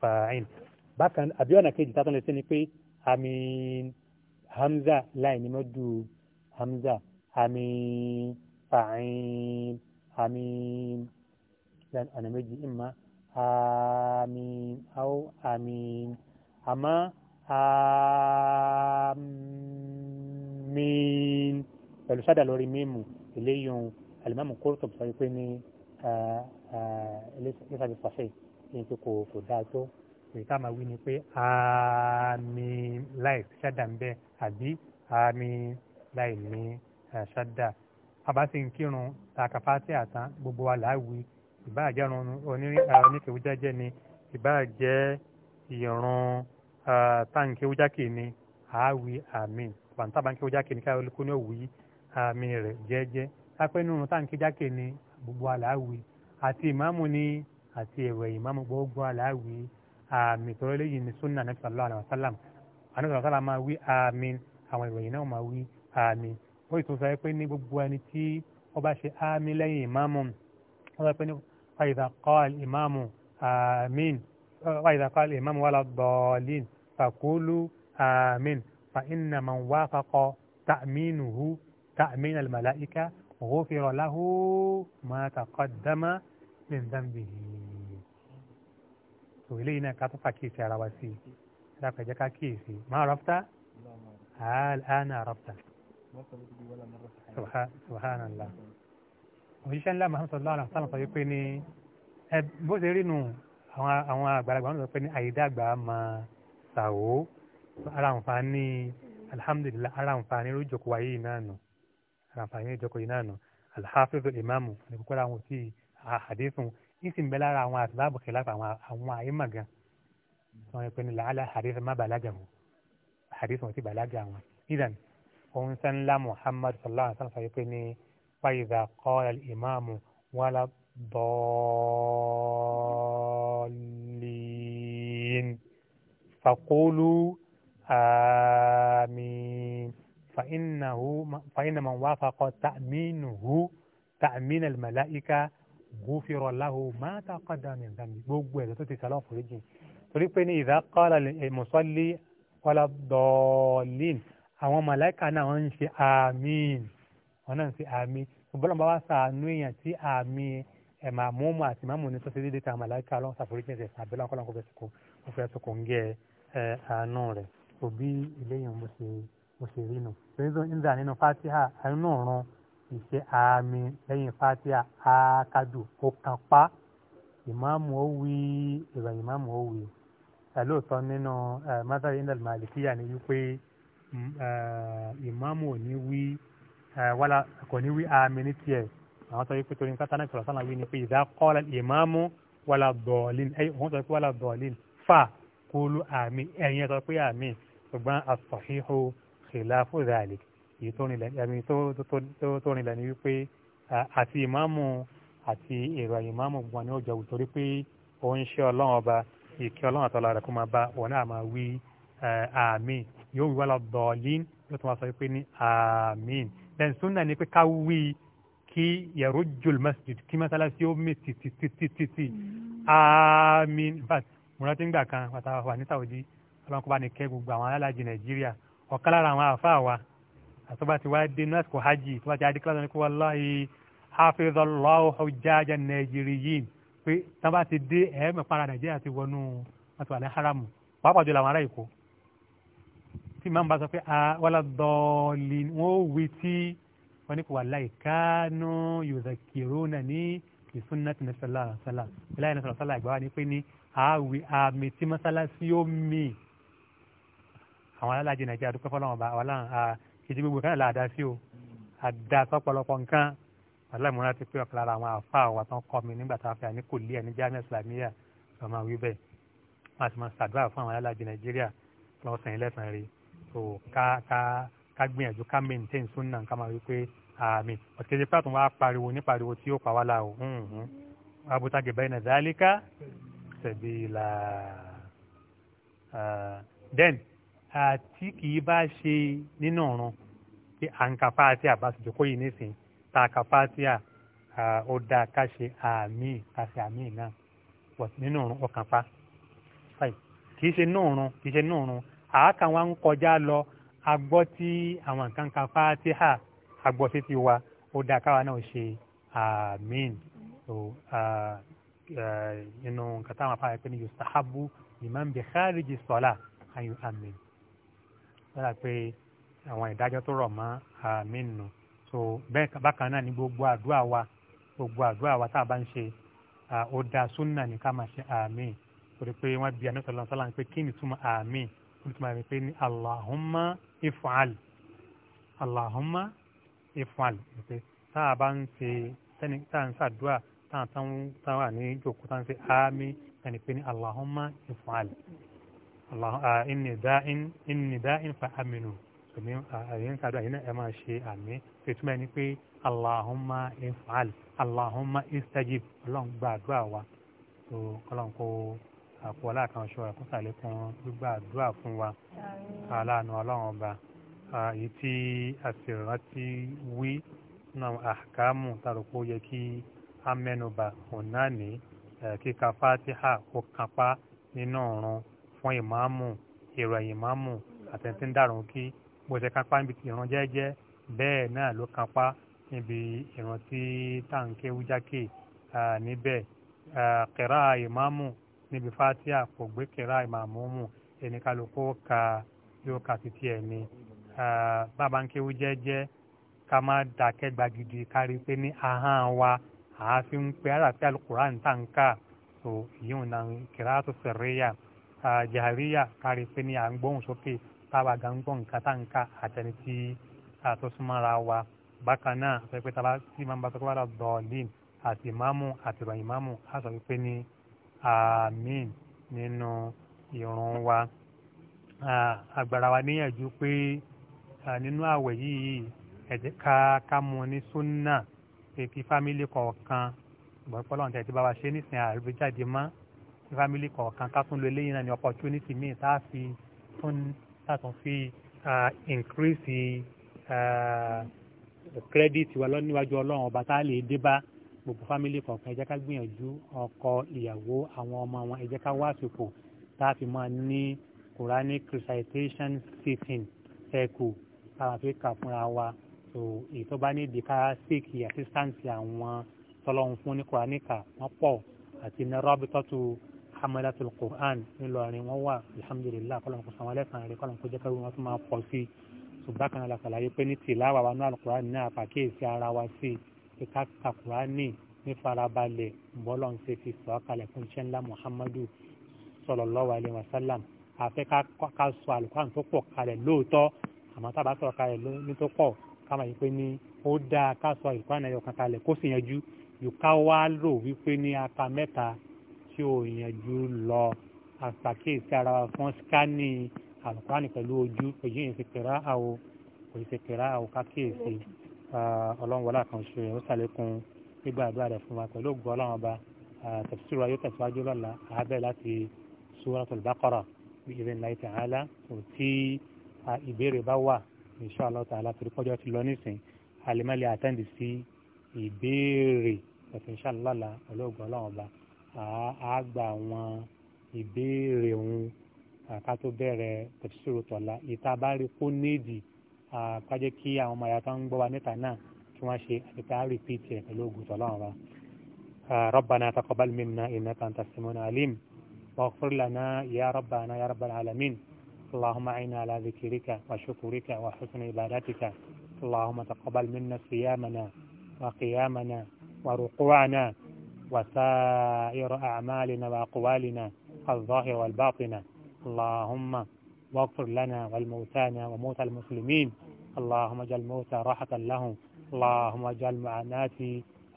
fa'in bákan àbí ọ̀nà kejì tá a tún lè ṣe ni pé amin hamza láì ní mọ́dù hamza amin fàáyín àmín lẹ́nu ọ̀nà méjì ìmọ̀ àmín áwọ̀ àmín àmọ́ àmín pẹ̀lú sádà lórí mímu eléyìí alimami Qurtubi sọ pé ní ẹlẹ́sàbí pàṣẹ ní pé kò kò dáa tó èyí tá a máa wí ni pé àmín láì sádà ń bẹ àbí àmín láì ní sádà bàbá sì takafati kírun tàkàfàtì àtàn gbogbo wa láàwì ìbáàjẹ́ oníkèwú jẹ́jẹ́ ni ìbáàjẹ́ ìrun táǹkèwú jákè ni àáwì àmín pàǹtàbà ń kéwú jákè ni káyọ̀ olùkọ́ ní òwú yìí àmín rẹ̀ jẹ́jẹ́ lápẹ́ nínú táǹkèwú ni gbogbo wa láàwì àti ìmáàmù ni àti ẹ̀wẹ̀ ìmáàmù gbogbo wa láàwì àmín tọ́lọ́ lẹ́yìn sunna anabi sallallahu sallam anabi sallallahu alayhi wa sallam máa wí àmín àwọn ìròyìn náà máa wí àmín ó sì tún sọ pé ní gbogbo ẹni tí wọ́n bá ṣe ámì lẹ́yìn ìmáàmù wọ́n sọ pé ní fàyìdà kọ́ọ̀lì ìmáàmù àmín fàyìdà kọ́ọ̀lì ìmáàmù wàlá dọ̀ọ̀lìn fàkúlù àmín fa inna man wáfakọ ta'minuhu ta'min al-mala'ika غفر له ما تقدم من ذنبه so eléyìí náà ká tó fàkíyèsí ara wa sí i ẹ dákọ̀ ẹ jẹ́ ká kíyèsí máa rọ́pútà àlànà rọ́pútà. subhanallah òṣìṣẹ́ ńlá mahamud sallallahu alaihi wa sallam sọ pé ní bó ṣe rí nu àwọn àgbàlagbà wọn sọ pé ní àyídàgbà máa ṣàwó ara nǹfààní alhamdulilah ara nǹfààní lójókòó ayé yìí náà nù ara nǹfààní lójókòó yìí náà nù alhafizu imamu ní kókó ra àwọn tí àhàdísùn ní sì ń bẹ lára àwọn àtìláàbù kìláàfù àwọn àyèmà gan wọn pè ní فمن لا محمد صلى الله عليه وسلم فيقيني فإذا قال الإمام ولا ضالين فقولوا آمين فإنه فإن من وافق تأمينه تأمين الملائكة غفر له ما تقدم من ذنبه إذا قال المصلي ولا ضالين àwọn màláìka náà wọ́n ń ṣe àmín wọ́n náà ń ṣe àmín ọ̀bọ̀lọ́mọba wa sàánú èèyàn tí àmín ẹ̀ máa mú mọ́ àti máa mú ní sọ́sẹ́ dídé ta màláìka ọlọ́run ṣàforíjì ẹ̀sẹ̀ àbẹ́lẹ́ ọkọ̀ lọ́kọ̀ fẹ́ẹ́ sọ̀kọ̀ ó fẹ́ẹ́ sọ̀kọ̀ ń gẹ ẹ̀ àánú rẹ̀ òbí iléyìn mo ṣe mo ṣe rí nu torí ń dà nínú fatiha àánú ọ̀run ìṣe àmín lẹ́yìn fatiha àákájù ó kan pa ìmáàmù ó wí ìrọ̀ ìmáàmù ó wí ẹ̀ lóòótọ́ nínú mọ́tàrí indal malikiya ni wípé ìmáàmù ò ní wí wàlà kò ní wí àmì ní tiẹ̀ àwọn sọ pé torí nǹkan tánàkì ọ̀sán wí ni pé ìdá kọ́lá ìmáàmù wàlà dọ̀ọ̀lìn ẹ̀yìn wọ́n sọ pé wàlà dọ̀ọ̀lìn fà kólú àmì ẹ̀yìn sọ pé àmì ṣùgbọ́n àsọ̀híhó khilafu dhalik èyí tó rìnlẹ̀ ni wípé àti ìmáàmù àti èrò ìmáàmù gbọ́n ni ó jọ wùtorí pé ó ń ṣe ọlọ́run ọba ìkẹ́ ọlọ́run àtọ́lá rẹ̀ kó máa bá òun náà máa wí àmì yóò wí wàlá dọ̀ọ̀lín yóò tún wá sọ pé ní àmín then sunna ni pé ká wí kí yẹ̀rọ jòl masjid kí masalasi ó mi títítítítí àmín but múra tí ń gbà kan pàtàkì wà ní Saudi ọlọ́run kó bá ní kẹ́ gbogbo àwọn alálàjì Nàìjíríà ọ̀kan lára àwọn àfa wa àtọ́ba ti wá dé nọ́ọ̀sì kò hajj tó bá ti adé kílásán ní kó wallahi hafizallahu hujjaja nàìjíríyìn pé tábà ti dé ẹ̀ẹ́mẹ̀pára Nàìjíríà ti wọnú wọn ti wà ní haramu pàápàá jùlọ àwọn ará Èkó tí màá ń bá sọ pé ah, wàlá dọ̀ọ̀lì wọ́n ó wí tí wọ́n ní kò wà láì kánú yuzakiruna ní ìsúnnàtì ní sàlàsàlà ìláyà ní sàlàsàlà ìgbà wa ni pé ní àwì àmì tí mọ́sálásí ó mì àwọn alájẹ nàìjíríà dúpẹ́ fọlọ́wọ́n bá wàlá kejì gbogbo kan láàdá sí o àdá sọ́pọ̀lọpọ̀ nǹkan wàlá ìmúra ti pé ọ̀kan lára àwọn àfa àwọn tó ń kọ́ mi nígbà tá a fẹ́ ní kò lé ẹ̀ ní jamiu islamiyah ọmọ àwí bẹ́ẹ̀ ti máa ṣàdúrà fún àwọn alájẹ nàìjíríà lọ́sàn-án ilẹ̀sàn rèé so ká ká ká gbìyànjú ká maintain sunna ká máa wí pé àmì ọ̀tẹ̀kẹ́sẹ̀ pé àtúnwá pariwo ní pariwo tí yóò pa wá la o abutage bayna dhalika sabila uh, then àti kì í bá ṣe nínú ọ̀run pé à ń ka fáàtíà bá ṣe jòkó yìí nísìnyí tá a ka fáàtíà ó dáa ká ṣe àmì ká ṣe àmì náà nínú ọ̀run ọkàn pa kì í ṣe nínú ọ̀run kì ṣe nínú ọ̀run àákàn wa ń kọjá lọ agbọ́ tí àwọn nǹkan kan fátíhà agbọ́ sí ti wa ó dáa káwa náà ṣe àmín so nínú nǹkan táwọn afárá pé ní yustahabu liman bi khariji sọlá ayu àmín lọ́la pé àwọn ìdájọ́ tó rọ̀ mọ́ àmín nù so bẹ́ẹ̀ bákan náà ni gbogbo àdúrà wa gbogbo àdúrà wa tá a bá ń ṣe ó dáa súnà ní ká máa ṣe àmín torí pé wọ́n bí anú sọ̀rọ̀ ń pé kí ni túmọ̀ àmín ìtumọ̀ rẹ̀ pé ní Allahumma if'al Allahumma if'al pé tá a bá ń ṣe tẹ́ni tá à ń ṣàdúrà tá à ń tán wà ní ìjòkó tá à ń ṣe ámì ẹni pé ní Allahumma if'al inni da'in inni da'in fa aminu sọmi àyè ń ṣàdúrà yìí náà ẹ máa ṣe àmì ìtumọ̀ ẹni pé Allahumma if'al Allahumma istajib ọlọ́run gba wa tó ọlọ́run kó àpò aláàkànṣe rẹ̀ kó sàlékún gbígbà àdúrà fún wa aláàánú ọlọ́run ọba èyí tí a sì rántí wí náà àkàmù tàbí ó yẹ kí a mẹ́nuba òun náà ní kíka fatiha kó kápá nínú ọ̀run fún ìmáàmù ìròyìn ìmáàmù àtẹ̀ntì ń dàrún kí bó ṣe kápá níbi ìran jẹ́jẹ́ bẹ́ẹ̀ náà ló kápá níbi ìran tí táǹkì wújákè níbẹ̀ kẹ̀rá ìmáàmù níbi fatia kò gbé kíra ìmàmúmù ẹni kálukú ka yóò ka títí ẹ̀ ni bàbá ń kéwú jẹ́jẹ́ ká má dákẹ́ gbagidi kárí pé ní ahọ́n wa àáfin pé aláàfin alukuran tá n ká so yíyún náà kíra tó sẹ̀ríyà jàríyà kárí pé ní à ń gbóhùn sókè táwa gan gbọ́ nǹkan tá n ká àtẹni tí tó súnmọ́ra wa bákan náà sọ pé tábà tí màá bá sọ pé wàá dọ̀ọ́lì àti ìmáàmù àti ìròyìn ìmáàmù á sọ pé ní àmín nínú ìrun wa agbára wa níyànjú pé nínú àwẹ̀ yìí ẹ̀jẹ̀ ká ká mu ní súnà pé kí fámìlì kọ̀ọ̀kan ìgbọ̀n pọ́lọ́n tẹ̀ tí bá wa ṣe nísìnyí àríwí jáde mọ́ kí fámìlì kọ̀ọ̀kan ká tún lo eléyìí náà ní opportunity míì tá a fi tún tá a tún fi increase credit wa lọ́níwájú ọlọ́run ọba tá a lè dé bá gbogbo fámìlì kọ̀ọ̀kan ẹ jẹ́ ká gbìyànjú ọkọ ìyàwó àwọn ọmọ wọn ẹ jẹ́ ká wá àsìkò tá a fi máa ní quranic recitation sitting circle tá a fi kà fúnra wa so èyí tó bá nídìí ká síkì assistance àwọn tọ́lọ́hún fún ní quranic wọ́n pọ̀ àti ní rọ́bítọ́tù hamadatul quran ńlọrin wọ́n wà alhamdulilayi kọ́lọ́n kò sanwó lẹ́sàn-án rẹ̀ kọ́lọ́n kò jẹ́ káwọn tó máa pọ̀ sí i ṣùgbọ́n kan náà la ṣàlàyé pé ní tìláwà wa náà alukur'an náà pàkíyèsí ara wa sí i pé ká ka kúránì ní farabalẹ̀ bọ́lọ̀ ń ṣe fi sọ kalẹ̀ fún iṣẹ́ muhammadu sallallahu alaihi wasallam àfẹ́ ká sọ àlùkùránì tó pọ̀ kalẹ̀ lóòótọ́ àmọ́ tá a bá sọ kalẹ̀ ní tó pọ̀ káma yìí pé ní ó dáa ká sọ àlùkùránì náà yọ kan kalẹ̀ kó sì yanjú yòóká wá rò wípé ní aka mẹ́ta tí ò yanjú lọ àṣàkíyèsí ara wa fún skani àlùkùránì pẹ̀lú ojú èyí ìṣèkèrà àwò kò ìṣèkèrà àwò kákíyèsí ọlọ́run wọlé àkànṣe ó ṣàlékún gbígbà àdúrà rẹ̀ fún wa pẹ̀lú ògùn ọlọ́run ọba tafsir wa yóò tẹ̀síwájú lọ́la àábẹ̀ láti suratul baqara bí idhnillahi ta'ala tó tí ìbéèrè bá wà insha Allah ta'ala torí pọ́jọ́ ti lọ nísìn àlèmọ́lẹ̀ àtẹ́ǹdì sí ìbéèrè pẹ̀sẹ̀ insha Allah lọ́la pẹ̀lú ògùn ọlọ́run ọba àágbà àwọn ìbéèrè òun ká tó bẹ̀rẹ̀ tafsir tọ̀la ìta bá rí kájẹ́ kí àwọn ọmọ ìyá ń gbọ́ wa níta náà kí wọ́n ṣe àtẹ̀tẹ̀ á repeat ẹ̀ pẹ̀lú ògùn tọ́lọ́run wa. ربنا تقبل منا إنك أنت السميع العليم واغفر لنا يا ربنا يا رب العالمين اللهم أعنا على ذكرك وشكرك وحسن عبادتك اللهم تقبل منا صيامنا وقيامنا وركوعنا وسائر أعمالنا وأقوالنا الظاهر والباطنة اللهم واغفر لنا والموتانا وموتى المسلمين اللهم اجعل الموتى راحة لهم اللهم اجعل معاناة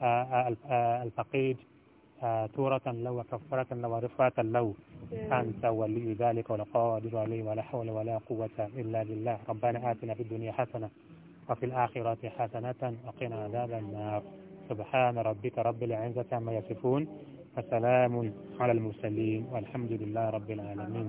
آه، آه، آه، الفقيد تورة له وكفرة له ورفعة له أنت ولي ذلك ولا قادر عليه ولا حول ولا قوة إلا بالله ربنا آتنا في الدنيا حسنة وفي الآخرة حسنة وقنا عذاب النار سبحان ربك رب العزة عما يصفون فسلام على المرسلين والحمد لله رب العالمين